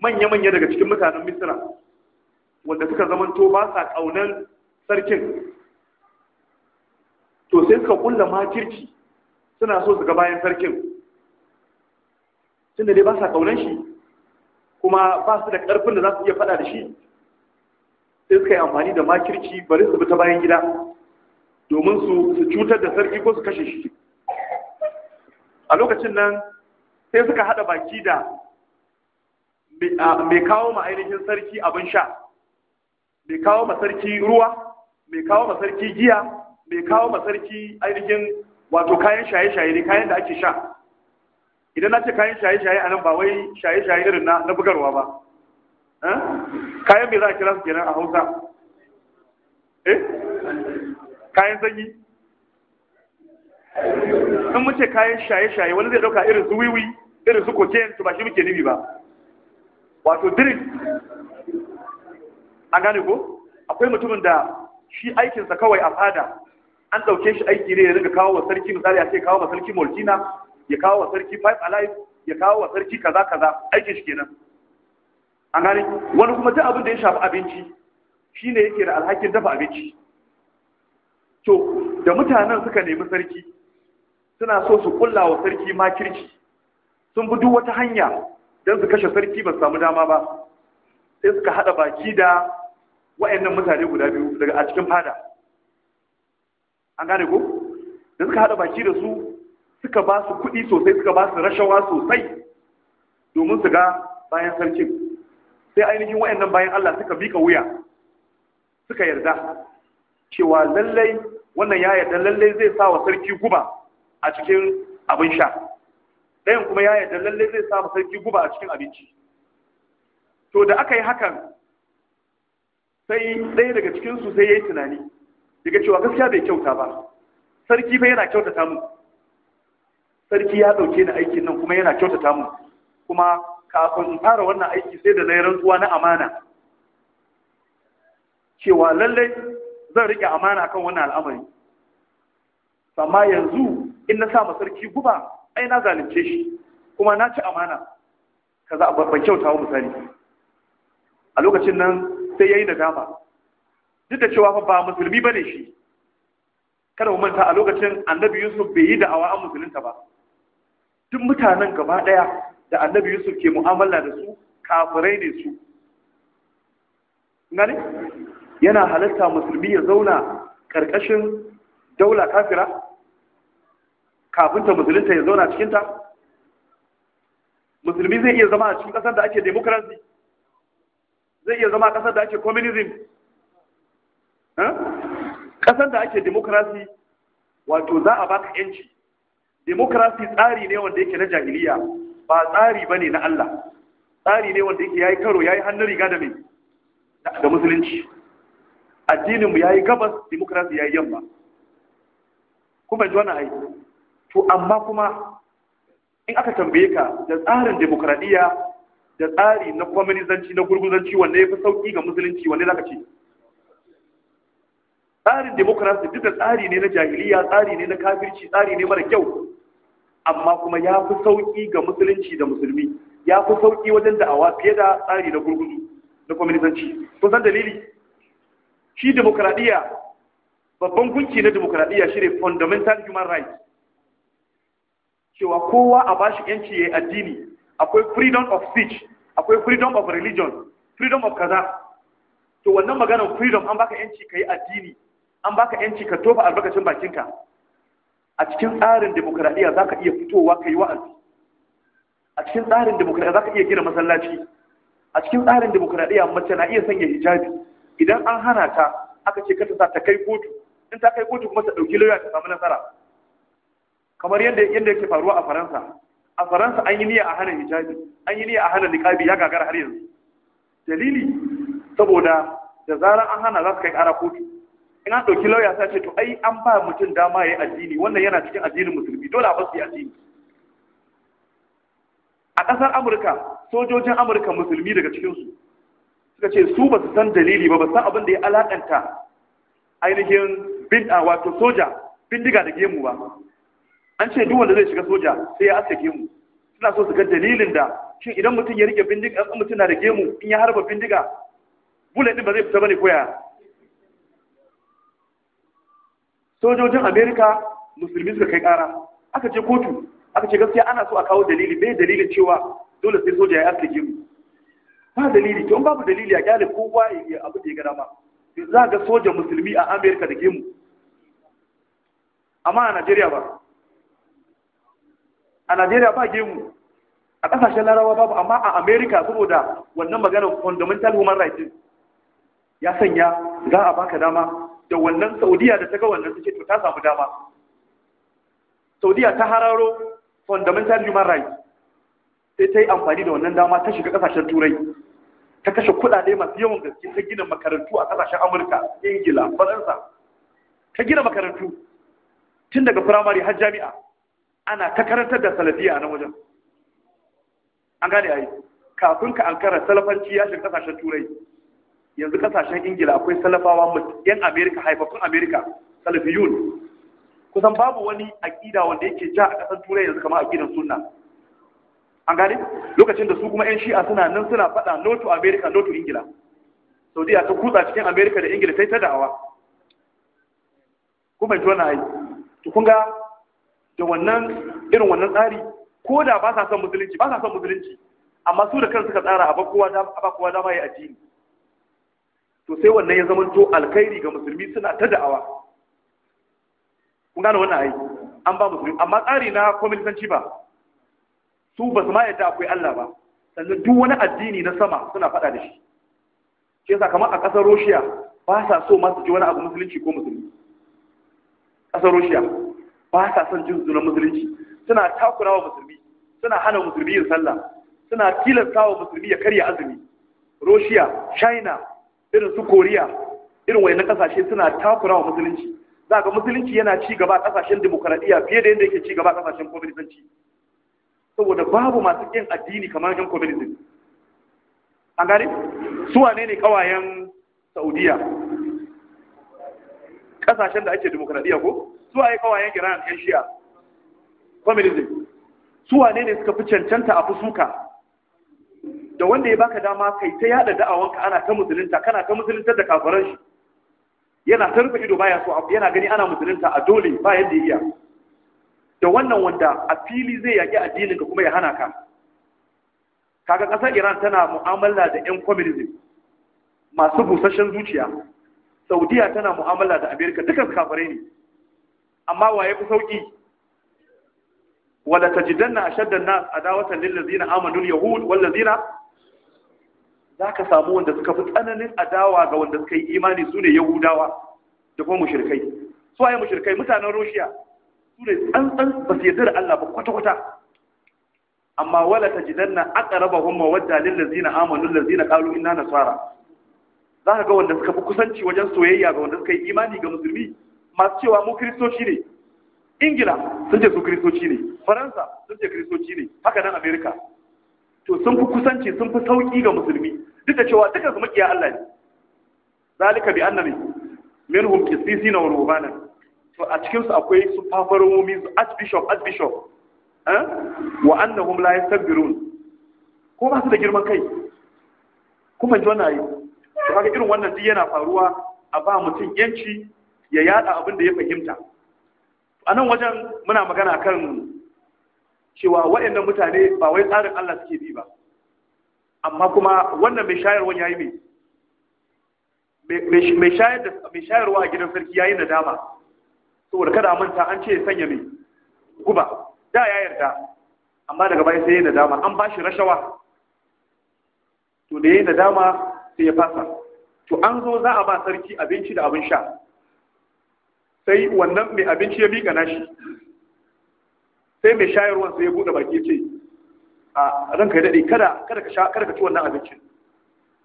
manya-manya daga cikin mutanen misra wanda suka zamanto ba sa ƙaunar sarkin to sai suka kulla makirci suna so su ga bayan sarkin tunda dai ba sa kaunan shi kuma ba su da karfin da za su iya fada da shi sai suka yi amfani da makirci bari su bi ta bayan gida domin su cutar da sarki ko su kashe shi a lokacin nan sai suka haɗa baki da mai kawo ma ainihin sarki abin sha mai kawo ma sarki ruwa mai kawo ma sarki giya mai kawo ma sarki ainihin wato kayan shaye-shaye ne kayan da ake sha idan na ce kayan shaye-shaye a nan ba wai shaye-shaye irin na bugarwa ba eh? kayan me za a kira su kenan a hausa eh kayan zanyi in mu ce kayan shaye-shaye wani zai dauka irin su wiwi irin su koke su ba shi muke nufi ba wato drink an gane ko akwai mutumin da shi aikinsa kawai a fada an ɗauke shi aiki ne ya riga kawo wa sarki misali a ce kawo wa sarki molkina ya kawo wa sarki five alive ya kawo wa sarki kaza kaza aikin shi kenan an gane wani kuma duk abin da ya shafi abinci shine yake da alhakin dafa abinci to da mutanen suka nemi sarki suna so su kulla wa sarki makirci sun bi duk wata hanya don su kashe sarki ba su samu dama ba sai suka haɗa baki da wa'annan mutane guda biyu daga a cikin fada an gane ko da suka haɗa baki da su suka ba su kuɗi sosai suka ba su rashawa sosai domin su ga bayan sarkin sai ainihin wayannan bayan Allah suka bika wuya suka yarda cewa lallai wannan ya yarda lallai zai sa wa sarki guba a cikin abin sha ɗayan kuma ya yarda lallai zai sa wa sarki guba a cikin abinci to da aka yi hakan sai ɗaya daga cikin su sai ya yi tunani daga cewa gaskiya bai kyauta ba sarki fa yana kyauta mu sarki ya dauke ni aikin nan kuma yana kyautata mu kuma kafin in fara wannan aiki sai da nayi rantsuwa na amana cewa lallai zan rike amana kan wannan al'amari amma yanzu in na sa sarki guba ai na zalunce shi kuma na ci amana kaza ban kyauta wa misali a lokacin nan sai yayi nadama duk da cewa ba musulmi ba ne shi kada mu manta a lokacin annabi yusuf bai yi da'awa an musulunta ba duk mutanen gaba daya da annabi yusuf ke mu'amala da su kafirai ne su gani yana halatta musulmi ya zauna karkashin daula kafira Kafinta musulunta ya zauna cikinta musulmi zai iya zama a cikin kasar da ake demokarasi zai iya zama a kasar da ake communism ƙasar da ake demokrasi wato za a baka yanci demokrasi tsari ne wanda yake na jahiliya ba tsari ba ne na Allah tsari ne wanda yake yi karo ya yi hannun riga da mai da musulunci addininmu ya yayi gabas demokrasi yi yamma kuma ji wani aiki to amma kuma in aka tambaye ka da tsarin demokradiyya da tsari na kwaminisanci na gurguzanci wanda ya fi sauƙi ga musulunci wanda za ka ce tsarin demokrasi duk tsari ne na jahiliya tsari ne na kafirci tsari ne mara kyau amma kuma ya fi sauƙi ga musulunci da musulmi ya fi sauƙi wajen da'awa fiye da tsari na gurgudu na kwamitanci kusan dalili shi demokradiyya babban gunki na demokradiyya shi ne fundamental human rights cewa kowa a bashi yanci ya yi addini akwai freedom of speech akwai freedom of religion freedom of kaza to wannan maganar freedom an baka yanci ka yi addini an baka yanci ka tofa albarkacin bakinka a cikin tsarin demokradiyya za ka iya fitowa ka yi wa'azi a cikin tsarin demokradiyya za ka iya gina masallaci a cikin tsarin demokradiyya mace na iya sanya hijabi idan an hana ta aka ce kata ta kai kotu in ta kai kotu kuma ta ɗauki lauya ta samu nasara kamar yadda yadda yake faruwa a faransa a faransa an yi niyya a hana hijabi an yi niyya a hana niqabi ya gagara har yanzu dalili saboda da zarar an hana za su kai ƙara kotu Ina an ɗauki lauya ta ce to ai an ba mutum dama ya yi addini wannan yana cikin addinin musulmi dole a basu addini a ƙasar amurka sojojin amurka musulmi daga cikinsu suka ce su ba su san dalili ba ba san abin da ya alaƙanta ainihin bin a wato soja bindiga da gemu ba an ce duk wanda zai shiga soja sai ya aske gemu suna so su ga dalilin da shin idan mutum ya rike bindiga mutum na da gemu in ya harba bindiga bullet din ba zai fita bane ko yaya sojojin amerika musulmi suka kai kara aka ce kotu aka ce gaskiya ana so a kawo dalili bai dalilin cewa dole sai soja ya aske gemu ba dalili to babu dalili a gyale kowa ya abu da ya gara ma za ga sojan musulmi a amerika da gemu amma a najeriya ba a najeriya ba gemu a kasashen larawa babu amma a amerika saboda wannan maganar fundamental human rights ya sanya za a baka dama da wannan saudiya da ta ga wannan suke to ta samu dama saudiya ta hararo fundamental human rights sai ta yi amfani da wannan dama ta shiga kasashen turai ta kashe kuɗaɗe masu yawan gaske ta gina makarantu a kasashen amurka ingila faransa ta gina makarantu tun daga firamare har jami'a ana ta karantar da salafiya na wajen an gane a yi kafin ka ankara salafanci ya shiga kasashen turai yanzu kasashen ingila akwai salafawa yan amerika haifafun amerika salafiyun kusan babu wani akida wanda yake ja a kasar turai yanzu kamar akidan sunna an gane lokacin da su kuma yan shi'a suna nan suna faɗa no to america no to ingila saudiya ta kutsa cikin america da ingila ta yi ta da'awa kuma ji wani ayi to kun ga da wannan irin wannan tsari ko da ba sa son musulunci ba sa son musulunci amma su da kansu ka tsara a ba kowa dama ya addini to sai wannan ya zamanto alkhairi ga musulmi suna ta da'awa kun gane wannan ai an ba musulmi amma tsari na kwamilisanci ba su ba su ma yadda akwai Allah ba sannan duk wani addini na sama suna faɗa da shi shi yasa kamar a ƙasar Roshiya ba sa so ma su ji wani abu musulunci ko musulmi ƙasar Roshiya ba sa son jin zunan musulunci suna takura wa musulmi suna hana musulmi yin sallah suna tilasta wa musulmi ya karya azumi Roshiya China irin su koriya irin wayannan kasashe suna takura wa musulunci za ga musulunci yana ci gaba a kasashen demokaradiyya fiye da yadda yake ci gaba a kasashen kwaminisanci saboda babu masu kin addini kamar yan kwaminisan an gane su wane ne kawayen saudiya kasashen da ake demokaradiyya ko su waye kawayen iran Asia, shi'a su wane ne suka fi cancanta a fusuka da wanda ya baka dama kai ta yada da'awanka ana ta musulunta kana ta musuluntar da kafaran shi yana ta ido baya so yana gani ana musulunta a dole ba yadda ya iya da wannan wanda a fili zai yaƙi addinin ka kuma ya hana ka kaga ƙasar Iran tana mu'amala da 'yan communism masu busasshen zuciya Saudiya tana mu'amala da Amerika dukkan kafare ne amma waye fi sauki wala tajidanna ashadda an-nas adawatan lil ladina amanu al-yahud wal ladina za ka samu wanda suka fi tsananin adawa ga wanda suka yi imani su ne yahudawa da kuma mushirkai su waye mushirkai mutanen Roshiya su ne tsantsan ba su yadda da Allah ba kwata-kwata amma wala ta raba aqrabahum mawadda lil ladzina amanu lil ladzina qalu inna nasara za ka ga wanda suka fi kusanci wajen soyayya ga wanda suka yi imani ga musulmi masu cewa mu Kiristoci ne ingila sun ce su Kiristoci ne faransa sun ce Kiristoci ne haka nan amerika to sun fi kusanci sun fi sauƙi ga musulmi duk da cewa duka su makiya Allah ne zalika bi annabi minhum qissisina wa rubana to a cikin su akwai su fafaromomi su archbishop archbishop eh wa annahum la yastabirun ko ba su da girman kai kuma ji wannan ayi to kaga irin wannan duk yana faruwa a ba mutum yanci ya yada abin da ya fahimta a nan wajen muna magana kan cewa waɗannan mutane ba wai tsarin Allah suke bi ba amma kuma wannan mai shayarwa yayi mai mai shayarwa a gidan sarki yayi nadama saboda kada manta an ce sanya mai guba da ya yarda amma daga baya sai ya nadama an ba shi rashawa to da yayi nadama sai ya fasa to an zo za a ba sarki abinci da abin sha sai wannan mai abinci ya miƙa nashi sai mai shayarwar sai ya buɗe baki ce a ranka ya daɗe kada kada ka sha kada ka ci wannan abincin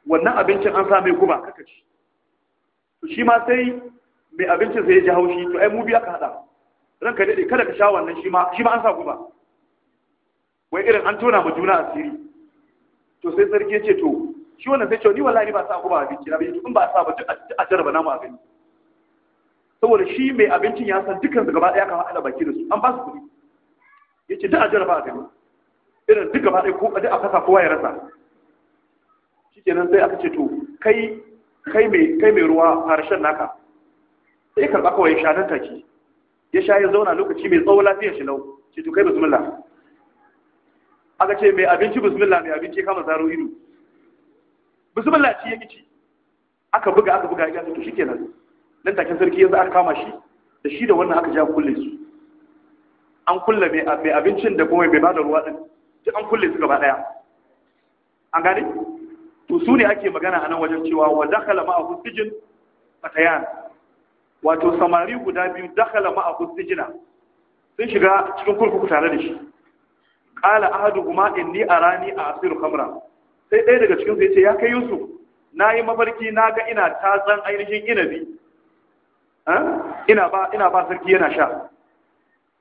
wannan abincin an sa mai guba kaka ci to shi ma sai mai abincin sai ya ji haushi to ai mu biya ka hada ranka ya daɗe kada ka sha wannan shi ma shi ma an sa guba wai irin an tona ma juna asiri to sai sarki ya ce to shi wannan sai ce ni wallahi ba sa guba abinci na abinci ba sa ba duk a jarraba namu a gani saboda shi mai abincin ya san dukkan su gaba ɗaya ka hada baki da su an ba su kuɗi ya ce duk ba a gani irin duk gaba ɗaya ko a a fasa kowa ya rasa shi kenan sai aka ce to kai kai mai kai mai ruwa harshen naka sai karɓa kawai ya sha nan take ya sha ya zauna lokaci mai tsawo lafiyar shi lau ce to kai bismillah aka ce mai abinci bismillah mai abinci kama zaro ido bismillah ci ya ci aka buga aka buga ya to shi ke nan take sarki yanzu aka kama shi da shi da wannan aka ja kulle su an kulle mai abincin da kuma mai bada ruwa din duk an kulle su gaba daya an gane to su ne ake magana a nan wajen cewa wa dakhala ma'ahu sijin fatayan wato samari guda biyu dakhala ma'ahu sijina sun shiga cikin kurkuku tare da shi qala ahaduhuma inni arani a asiru khamra sai ɗaya daga cikin sai ce ya kai yusuf na yi mafarki na ga ina tatsan ainihin inabi ina ba ina ba sarki yana sha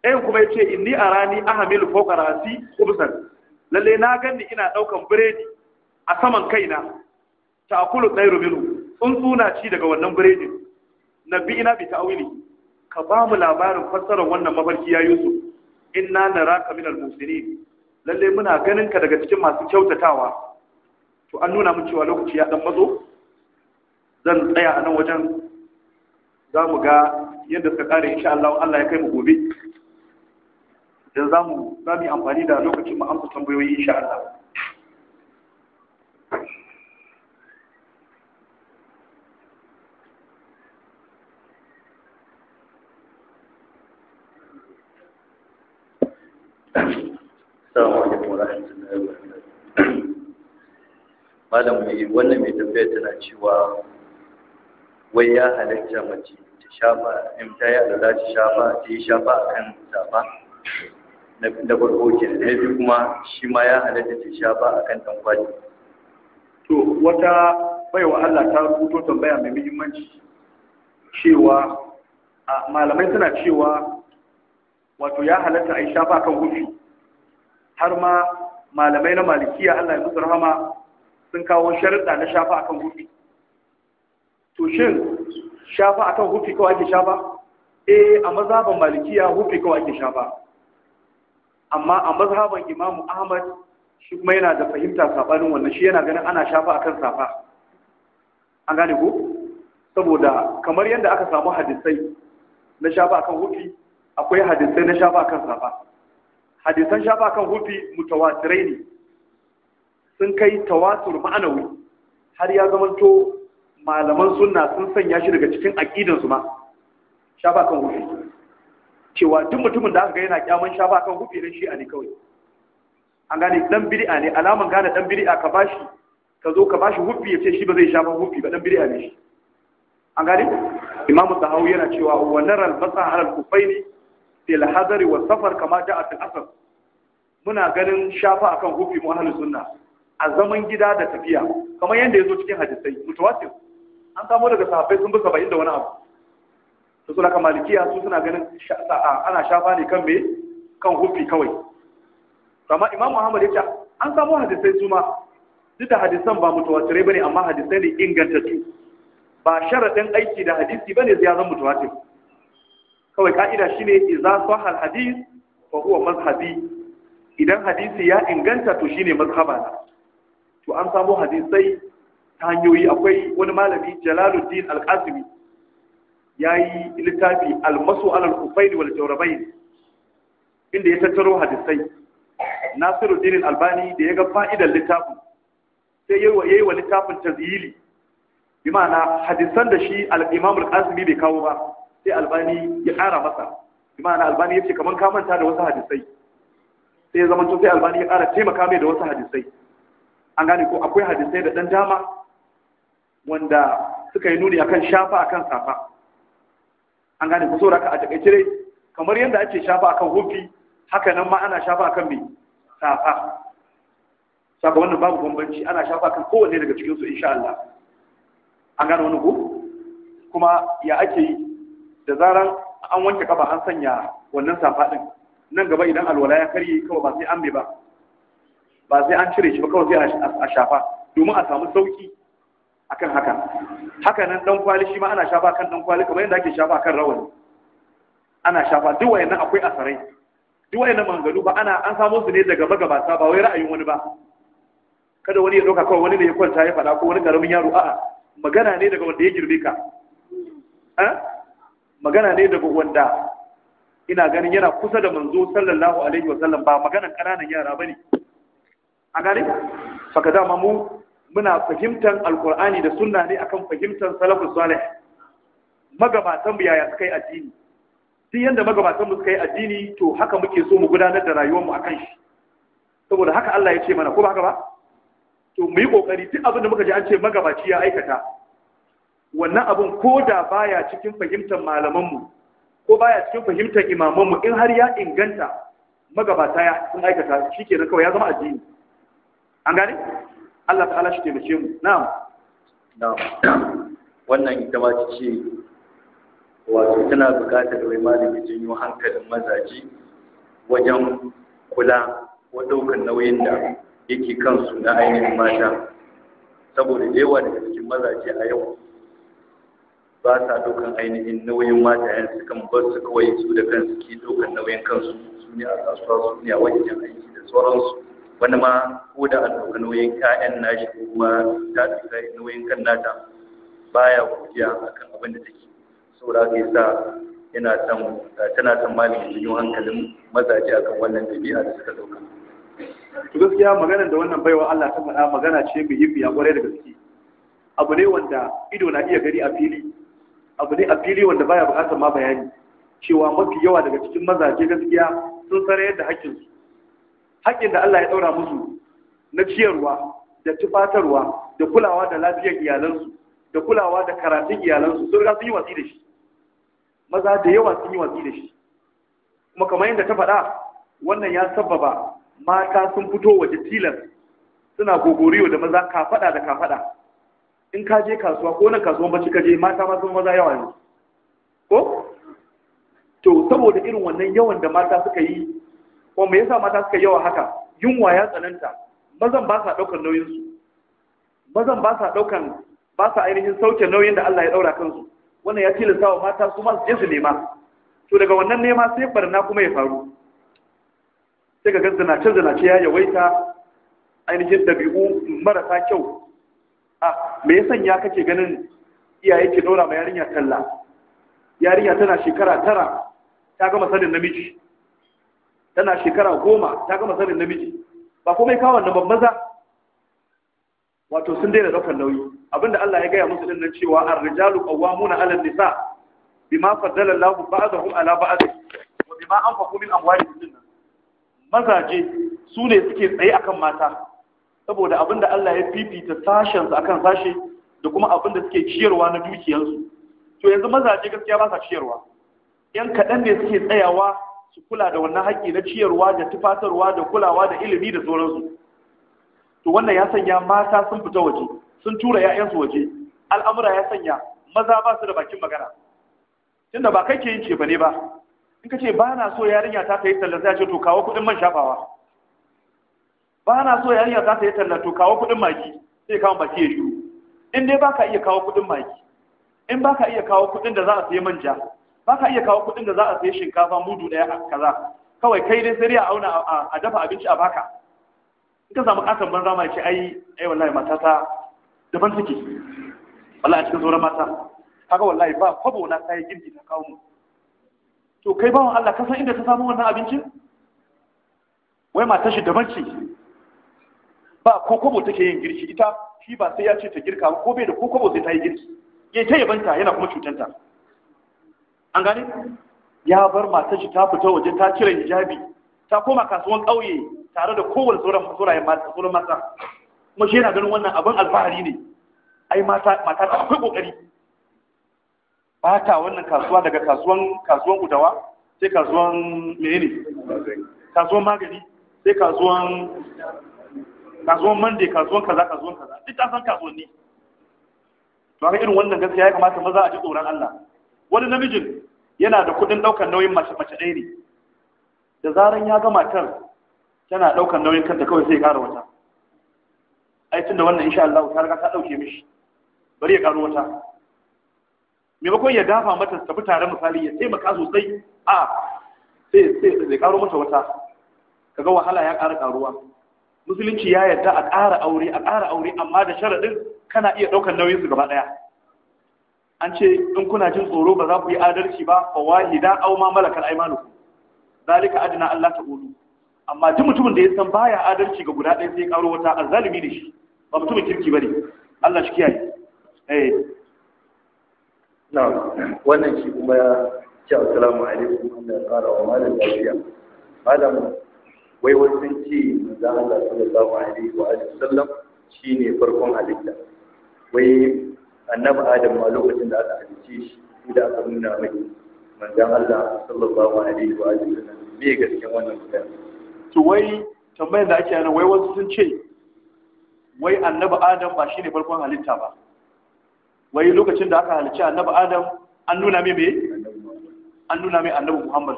ɗayan kuma ya ce inni a rani ahamilu ko karasi kubusan lalle na ganni ina ɗaukan biredi a saman kaina ta akulu ɗai rumilu tsuntsu suna ci daga wannan biredin na bi ina bi ta'awili ka ba mu labarin fassarar wannan mafarki ya yusu inna naraka min al lalle muna ganin ka daga cikin masu kyautatawa to an nuna mun cewa lokaci ya dan matso zan tsaya a nan wajen za mu ga yadda suka kare insha Allah Allah ya kai mu gobe Da za mu yi amfani da lokacin mu amsa tambayoyi insha Allah Malam mai wannan mai tafiya tana cewa wai ya halitta mace ta shafa in ta yi alala ta shafa ta yi shafa a kan ta ba na farko ke da ya fi kuma shi ma ya halatta ce sha ba a kan tankwali to wata baiwa Allah ta rubuto tambaya mai muhimmanci cewa malamai suna cewa wato ya halatta a yi ba kan hufi har ma malamai na malikiya Allah ya musu rahama sun kawo sharuɗa na shafa akan hufi to shin shafa akan hufi kawai ake sha ba? eh a mazaban malikiya hufi kawai ake sha ba. amma a mazhaban imamu ahmad shi kuma yana da fahimta saɓanin wannan shi yana ganin ana shafa akan safa an gane ko saboda kamar yadda aka samu hadisai na shafa akan hufi akwai hadisai na shafa akan safa hadisan shafa akan hufi mutawatirai ne sun kai tawatur ma'anawi har ya zamanto malaman sunna sun sanya shi daga cikin aqidansu ma shafa akan hufi cewa duk mutumin da aka ga yana kyaman shafa kan hufi shi a ne kawai an gane dan bid'a ne alaman gane dan bid'a ka bashi ka zo ka bashi hufi ya ce shi ba zai shafa hufi ba dan bid'a ne shi an gane imam tahawi yana cewa wa nara al-basa al-kufaini fil hadari wa safar kama ja'a fil asr muna ganin shafa akan hufi mu ahlus sunna a zaman gida da tafiya kamar yadda ya cikin hadisai mutawatir an samu daga sahabbai sun bi saba'in da wani abu su suna kan malikiya su suna ganin ana shafa ne kan me kan hufi kawai amma imam muhammad ya ce an samu hadisai su ma duk da hadisan ba mutawatirai bane amma hadisai ne ingantattu ba sharadin aiki da hadisi bane ya zama mutawatir kawai ka'ida shine idza sahha hadis, wa fa huwa mazhabi idan hadisi ya inganta to shine mazhaba to an samu hadisai ta hanyoyi akwai wani malami Jalaluddin alqasimi ya yi littafi almasu alal kufaini wal jaurabain inda ya tattaro hadisai nasiru dinin albani da ya ga fa'idan littafin sai ya yi wa littafin tazili bi ma'ana hadisan da shi al'imam al'azumi bai kawo ba sai albani ya ƙara masa bi ma'ana albani ya ce kamar ka manta da wasu hadisai sai ya zamanto sai albani ya ƙara taimaka mai da wasu hadisai an gane ko akwai hadisai da ɗan dama wanda suka yi nuni akan shafa akan safa an gane ku saboda a takaice dai kamar yadda ake shafa akan hufi haka nan ma ana shafa akan me safa saboda wannan babu bambanci ana shafa akan kowanne daga cikin su insha Allah an gane wannan ku kuma ya ake yi da zaran an wanke kafa an sanya wannan safa din nan gaba idan alwala ya karye kawai ba sai an me ba ba sai an cire shi ba kawai sai a shafa domin a samu sauki akan haka haka nan dan kwali shi ma ana shafa kan dan kwali kamar yadda ake shafa kan rawani ana shafa duk wayannan akwai asarai duk wayannan mangalu ba ana an samo su ne daga magabata ba wai ra'ayin wani ba kada wani ya dauka kawai wani ne ya kwanta ya fada ko wani karamin yaro a'a magana ne daga wanda ya girbe ka eh? magana ne daga wanda ina ganin yana kusa da manzo sallallahu alaihi wa sallam ba maganan ƙananan yara bane a gare saka dama mu muna fahimtar alkur'ani da sunna ne akan fahimtar salafus salih magabatan yaya suka yi addini duk yanda magabatan mu suka yi addini to haka muke so mu gudanar da rayuwar mu akan shi saboda haka Allah ya ce mana ko ba haka ba to mu yi kokari duk abin da muka ji an ce magabaci ya aikata wannan abun ko da baya cikin fahimtar malaman mu ko baya cikin fahimtar imaman mu in har ya inganta magabata ya sun aikata shikenan kawai ya zama addini an gane Allah ta shi taimake mu Na mu. wannan ita ma ce wato tana buƙatar wai malami janyo hankalin mazaji wajen kula ko ɗaukar nauyin da yake kansu na ainihin mata saboda yawa daga cikin mazaje a yau ba sa ɗaukar ainihin nauyin mata su kan bar su kawai su da kansu ke ɗaukar nauyin kansu su ne a kasuwa su ne a wajen aiki da sauransu wani ma ko da an ɗauka nauyin kayan nashi ko kuma ta ɗauka nauyin kan nata baya godiya akan abin da take saboda haka yasa yana son tana son malin yin hankalin mazaje akan wannan ɗabi'a da suka ɗauka to gaskiya maganar da wannan baiwa Allah ta faɗa magana ce mai yi biya ƙwarai da gaske abu ne wanda ido na iya gani a fili abu ne a fili wanda baya buƙatar ma bayani cewa mafi yawa daga cikin mazaje gaskiya sun sanar yadda hakkinsu haƙƙin da Allah ya ɗaura musu na ciyarwa da tufatarwa da kulawa da lafiyar iyalansu da kulawa da karatun iyalansu sun riga sun yi watsi da shi maza da yawa sun yi watsi da shi kuma kamar yadda ta faɗa wannan ya sababa mata sun fito waje tilas suna gogoriyo da maza kafaɗa da kafaɗa in ka je kasuwa ko nan kasuwan bacci ka je mata ma sun maza yawa ne, ko to saboda irin wannan yawan da mata suka yi ko me yasa mata suka yawa haka yunwa ya tsananta mazan ba sa daukar nauyin su mazan ba sa ɗaukan ba sa ainihin sauke nauyin da Allah ya daura kansu wannan ya tilasta wa mata su ma su je su nema to daga wannan nema sai barna kuma ya faru sai ga na canza na ce ya yawaita ainihin ɗabi'u marasa kyau a me ya kake ganin iyaye ke ɗora ma yarinya talla yarinya tana shekara tara ta gama sanin namiji tana shekara goma ta gama sanin namiji ba komai kawon nan maza wato sun daina daukar nauyi abinda Allah ya gaya musu dinnan cewa ar-rijalu qawwamuna 'ala an-nisa bima faddala Allahu ba'dahum 'ala ba'd wa bima anfaqu min amwalihim dinnan mazaje su ne suke tsaye akan mata saboda abinda Allah ya fifita sashen su akan sashe da kuma abinda suke ciyarwa na dukiyarsu to yanzu mazaje gaskiya ba sa ciyarwa yan kaɗan ne suke tsayawa su kula da wannan haƙƙi na ciyarwa da tufatarwa da kulawa da ilimi da sauransu to wannan ya sanya mata sun fita waje sun tura 'ya'yansu waje al'amura ya sanya maza ba su da bakin magana tunda ba kai ke yin ce bane ba in ka ce ba na so yarinya ta ta yi talla sai ce to kawo kuɗin man shafawa ba na so yarinya ta ta yi talla to kawo kuɗin maki sai kawo baki ya shiru in dai ka iya kawo kuɗin maki in ba ka iya kawo kuɗin da za a sayi manja ba ka iya kawo kuɗin da za a sayi shinkafa mudu ɗaya a kaza kawai kai dai sai a auna a dafa abinci a baka in ka samu kasan banza ma ce ai ai wallahi mata ta daban take wallahi a cikin sauran mata kaga wallahi ba kwabo na sai girki ta kawo mu to kai bawan Allah ka san inda ta samu wannan abincin wai mata shi daban ce ba ko kwabo take yin girki ita shi ba sai ya ce ta girka ko bai da ko kwabo sai ta yi girki yayi ta yabanta yana kuma cutanta an gani ya bar matar shi ta fita waje ta cire hijabi ta koma kasuwan ƙauye tare da kowane sauran saurayen mata sauran mata kuma shi yana ganin wannan abin alfahari ne ai mata mata ta akwai kokari ba ta wannan kasuwa daga kasuwan kasuwan gudawa sai kasuwan menene kasuwan magani sai kasuwan kasuwan mande kasuwan kaza kasuwan kaza duk ta san kasuwanni to haka irin wannan gaskiya ya kamata maza a ji tsoron Allah wani namijin yana da kuɗin ɗaukar nauyin mace mace ɗaya ne da zaran ya ga matar tana ɗaukar nauyin kanta kawai sai ya ƙara wata ai tun da wannan insha Allah ta riga ta ɗauke mishi bari ya ƙaru wata maimakon ya dafa mata tafi tare misali ya taimaka sosai a sai sai zai ƙaro mata wata kaga wahala ya ƙara ƙaruwa musulunci ya yarda a ƙara aure a ƙara aure amma da sharaɗin kana iya ɗaukar nauyin su gaba ɗaya an ce in kuna jin tsoro ba za ku yi adalci ba fa wahida aw ma malakal aymanukum zalika adna Allah ta'ulu amma duk mutumin da ya san baya adalci ga guda ɗaya sai karo wata azalimi ne shi ba mutumin kirki bane Allah shi kiyaye eh na'am wannan shi kuma ya ce assalamu alaikum Allah ya fara wa malam lafiya malam wai wasu sun ce manzo Allah sallallahu alaihi wa sallam, shine farkon halitta wai annabi adam ma lokacin da aka halice shi da aka nuna mai manzan Allah sallallahu alaihi wa alihi wasallam me gaskiyan wannan magana to wai tambayar da ake yana wai wasu sun ce wai annabi adam ba shine farkon halitta ba wai lokacin da aka halicci annabi adam an nuna mai me an nuna mai annabi Muhammad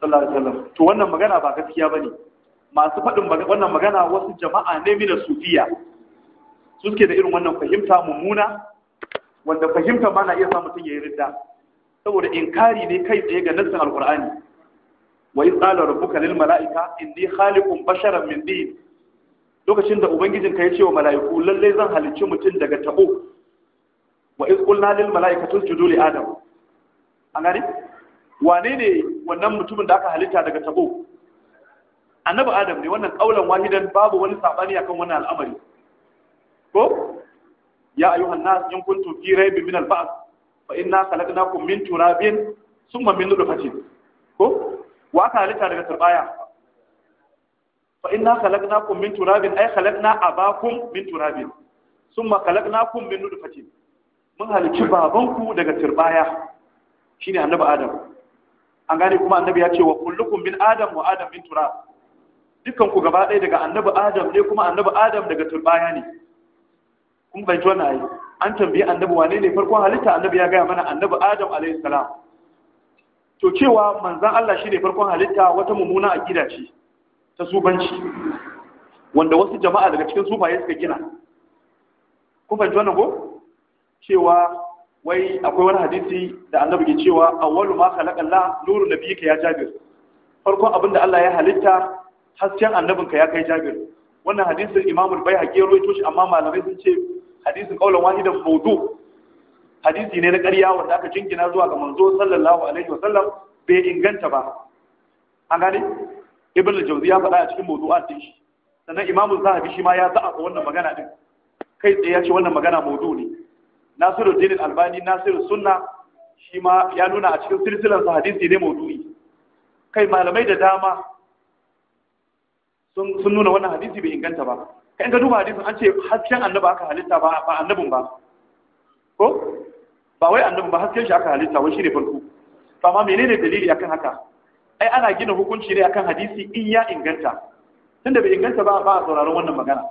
sallallahu alaihi wasallam to wannan magana ba gaskiya bane masu faɗin wannan magana wasu jama'a ne mina sufiya su suke da irin wannan fahimta mummuna wanda fahimta ma na iya sa mutum ya yi ridda saboda inkari ne kai tsaye ga nassin alqur'ani wa in qala rabbuka lil mala'ika inni khaliqun basharan min din lokacin da ubangijin ka ya ce wa mala'iku lalle zan halicci mutum daga tabo wa iz qulna lil mala'ikati isjudu li adam an gani wane ne wannan mutumin da aka halitta daga tabo annabi adam ne wannan kaulan wahidan babu wani sabani akan wannan al'amari ko ya ayyuhan nas in kuntum fi raibin min al-ba'th fa inna khalaqnakum min turabin thumma min nutfatin ko wa aka halitta daga turbaya fa inna khalaqnakum min turabin ay khalaqna abakum min turabin thumma khalaqnakum min nutfatin mun halicci babanku daga turbaya shine annabi adam an gane kuma annabi ya ce wa kullukum min adam wa adam min turab dukkan ku gaba ɗaya daga annabi adam ne kuma annabi adam daga turbaya ne kun fahimci wannan ayi an tambayi annabi wane ne farkon halitta annabi ya gaya mana annabi adam alayhi salam to cewa manzan Allah shine farkon halitta wata mummuna akida ce ta subanci wanda wasu jama'a daga cikin sufaye suka gina kun fahimci wannan ko cewa wai akwai wani hadisi da annabi ke cewa awwalu ma khalaqa Allah nuru nabiyika ya jabir farkon abinda Allah ya halitta hasken annabinka ya kai jabir wannan hadisin Imam bai baihaqi ya shi amma malamai sun ce hadisin kaulan wahidan mawdu hadisi ne na ƙarya wanda aka jingina zuwa ga manzo sallallahu alaihi wa sallam bai inganta ba an gane ibn al-jawzi ya faɗa a cikin mawdu'at din shi sannan imamu zahabi shi ma ya za'a wannan magana din kai tsaye ya ce wannan magana mawdu ne nasiru al albani nasiru sunna shi ma ya nuna a cikin silsilansa hadisi ne mawdu'i kai malamai da dama sun nuna wannan hadisi bai inganta ba kan ga duba hadisin an ce hasken annaba aka halitta ba ba annabin ba ko ba wai annabin ba hasken shi aka halitta wai shine farko to amma menene dalili akan haka ai ana gina hukunci ne akan hadisi in ya inganta tunda bai inganta ba ba a sauraron wannan magana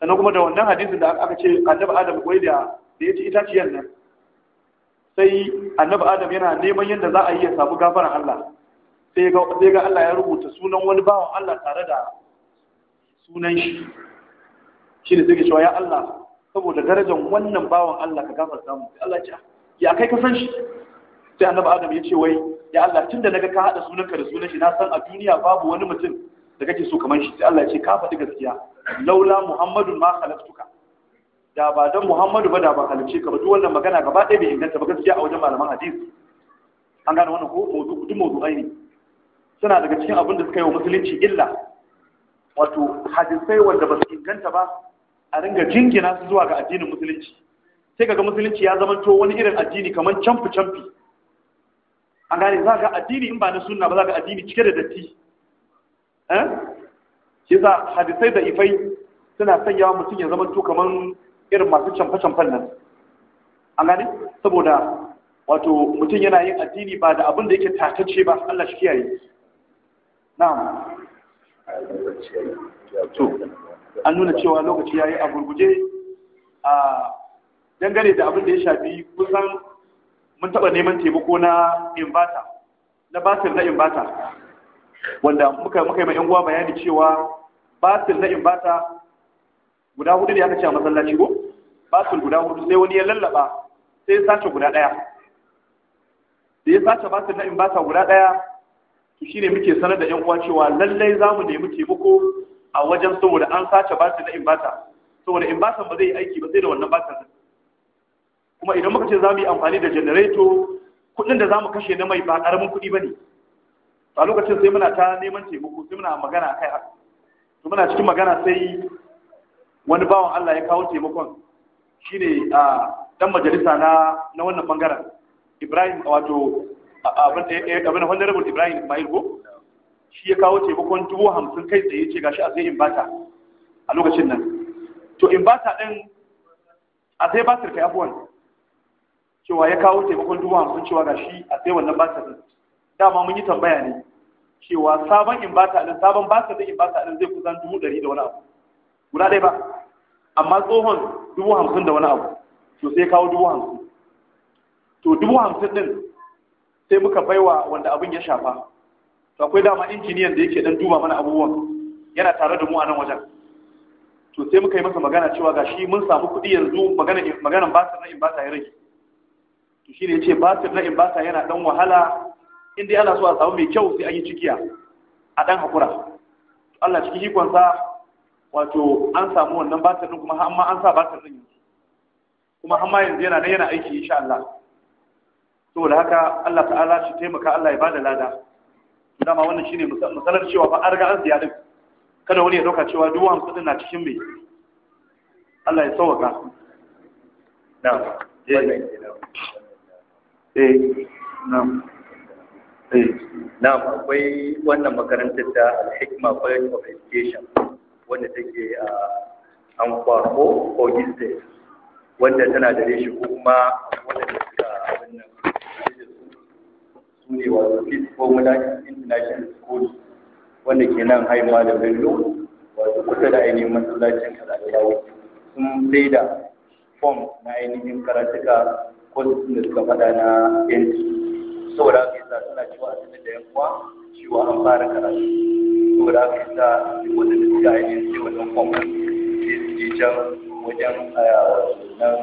sannan kuma da wannan hadisin da aka ce annabi adam wai da da yace itaciyar nan sai annabi adam yana neman yadda za a yi ya samu gafaran Allah sai ga Allah ya rubuta sunan wani bawan Allah tare da sunan shi shi ne sai cewa ya Allah saboda darajar wannan bawan Allah ka gafarta samu. sai Allah ya ce ya kai ka san shi sai annabi Adam ya ce wai ya Allah tunda naga ka hada sunanka da sunan shi na san a duniya babu wani mutum da kake so kamar shi sai Allah ya ce ka faɗi gaskiya laula muhammadun ma khalaqtuka da ba dan muhammadu ba da ba halice ka ba duk wannan magana gaba ɗaya bai inganta ba gaskiya a wajen malaman hadisi an gane wannan ko mawdu duk mawdu'ai ne suna daga cikin abin da suka yi wa musulunci illa wato hadisai wanda ba su inganta ba a ringa jingina su zuwa ga addinin musulunci sai kaga musulunci ya zama to wani irin addini kamar camfi camfi an gane za ga addini in ba na sunna ba za ga addini cike da datti eh shi za hadisai da ifai suna sanya mutum ya zama to kamar irin masu camfe camfen nan an gane saboda wato mutum yana yin addini ba da abin da yake tatacce ba Allah shi kiyaye na'am to an nuna cewa lokaci ya yi a gurguje a dangane da abin da ya shafi kusan mun taɓa neman taimako na invata na batir na invata wanda muka muka yi mai uwa bayani cewa batir na invata guda hudu ne aka ce a masallaci ko batir guda hudu sai wani ya lallaba sai ya sace guda ɗaya da ya sace batir na invata guda ɗaya shi ne muke sanar da yan uwa cewa lallai za mu nemi taimako a wajen saboda an sace batir na imbata saboda imbatan ba zai yi aiki ba sai da wannan nan. kuma idan muka ce za mu yi amfani da janareto kuɗin da za mu kashe na mai ba ƙaramin kuɗi ba ne a lokacin sai muna ta neman taimako sai muna magana a kai haka to muna cikin magana sai wani bawan Allah ya kawo taimakon shine a dan majalisa na na wannan bangaren Ibrahim wato abin da eh, eh, wannan honorable Ibrahim Ismail shi ya kawo taimakon dubu hamsin kai tsaye ce gashi a zai in bata a lokacin nan to in bata din a zai batir kai abuwan cewa ya kawo taimakon dubu hamsin cewa gashi a zai wannan batir din dama mun yi tambaya ne cewa sabon in bata din sabon batir din in bata din zai kusan dubu ɗari da wani abu guda ɗaya ba amma tsohon dubu hamsin da wani abu to sai kawo dubu hamsin to dubu hamsin din sai muka baiwa wanda abin ya shafa to akwai dama injiniyan da yake dan duba mana abubuwan yana tare da mu a nan wajen to sai muka yi masa magana cewa ga shi mun samu kuɗi yanzu magana maganan basir na in ba ta yi rage to shi ne ce basir na in ba ta yana dan wahala in dai ana so a samu mai kyau sai an yi cikiya a dan hakura Allah cikin hikonsa wato an samu wannan basir din kuma amma an sa basir din yanzu kuma amma yanzu yana nan yana aiki insha Allah saboda haka Allah ta'ala shi taimaka Allah ya bada lada dama wannan shine misalar cewa ba an riga an siya kada wani ya dauka cewa duk wani kudin na cikin mai Allah ya sauwaka na'am eh. eh na'am eh na'am akwai wannan makarantar da al-hikma college of education wanda take a an kwako ko gizde wanda tana da reshi ko kuma wanda ne wato kids ko mulakin international school wanda ke nan haima da bello wato kusa da ainihin masallacin kalayawo sun sai da fom na ainihin karatuka ko da suka fada na yanci saboda haka yasa suna cewa a sanar da yan uwa cewa an fara karatu saboda haka yasa wanda da suka ainihin sai wannan fom sai su je can wajen ah, nan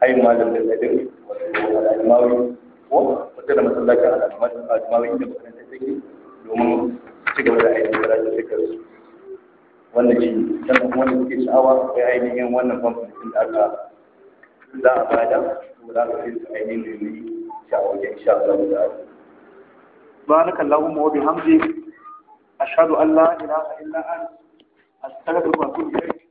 haima da bello wato al'amawi ko wata da masallacin al'adumar al'adumar inda da ainihin karatu shekaru wannan kwamfanin da aka za a bada ko za ka fi ainihin domin sha'awar بارك اللهم وبحمدك أشهد أن لا إله إلا أنت أستغفرك وأتوب إليك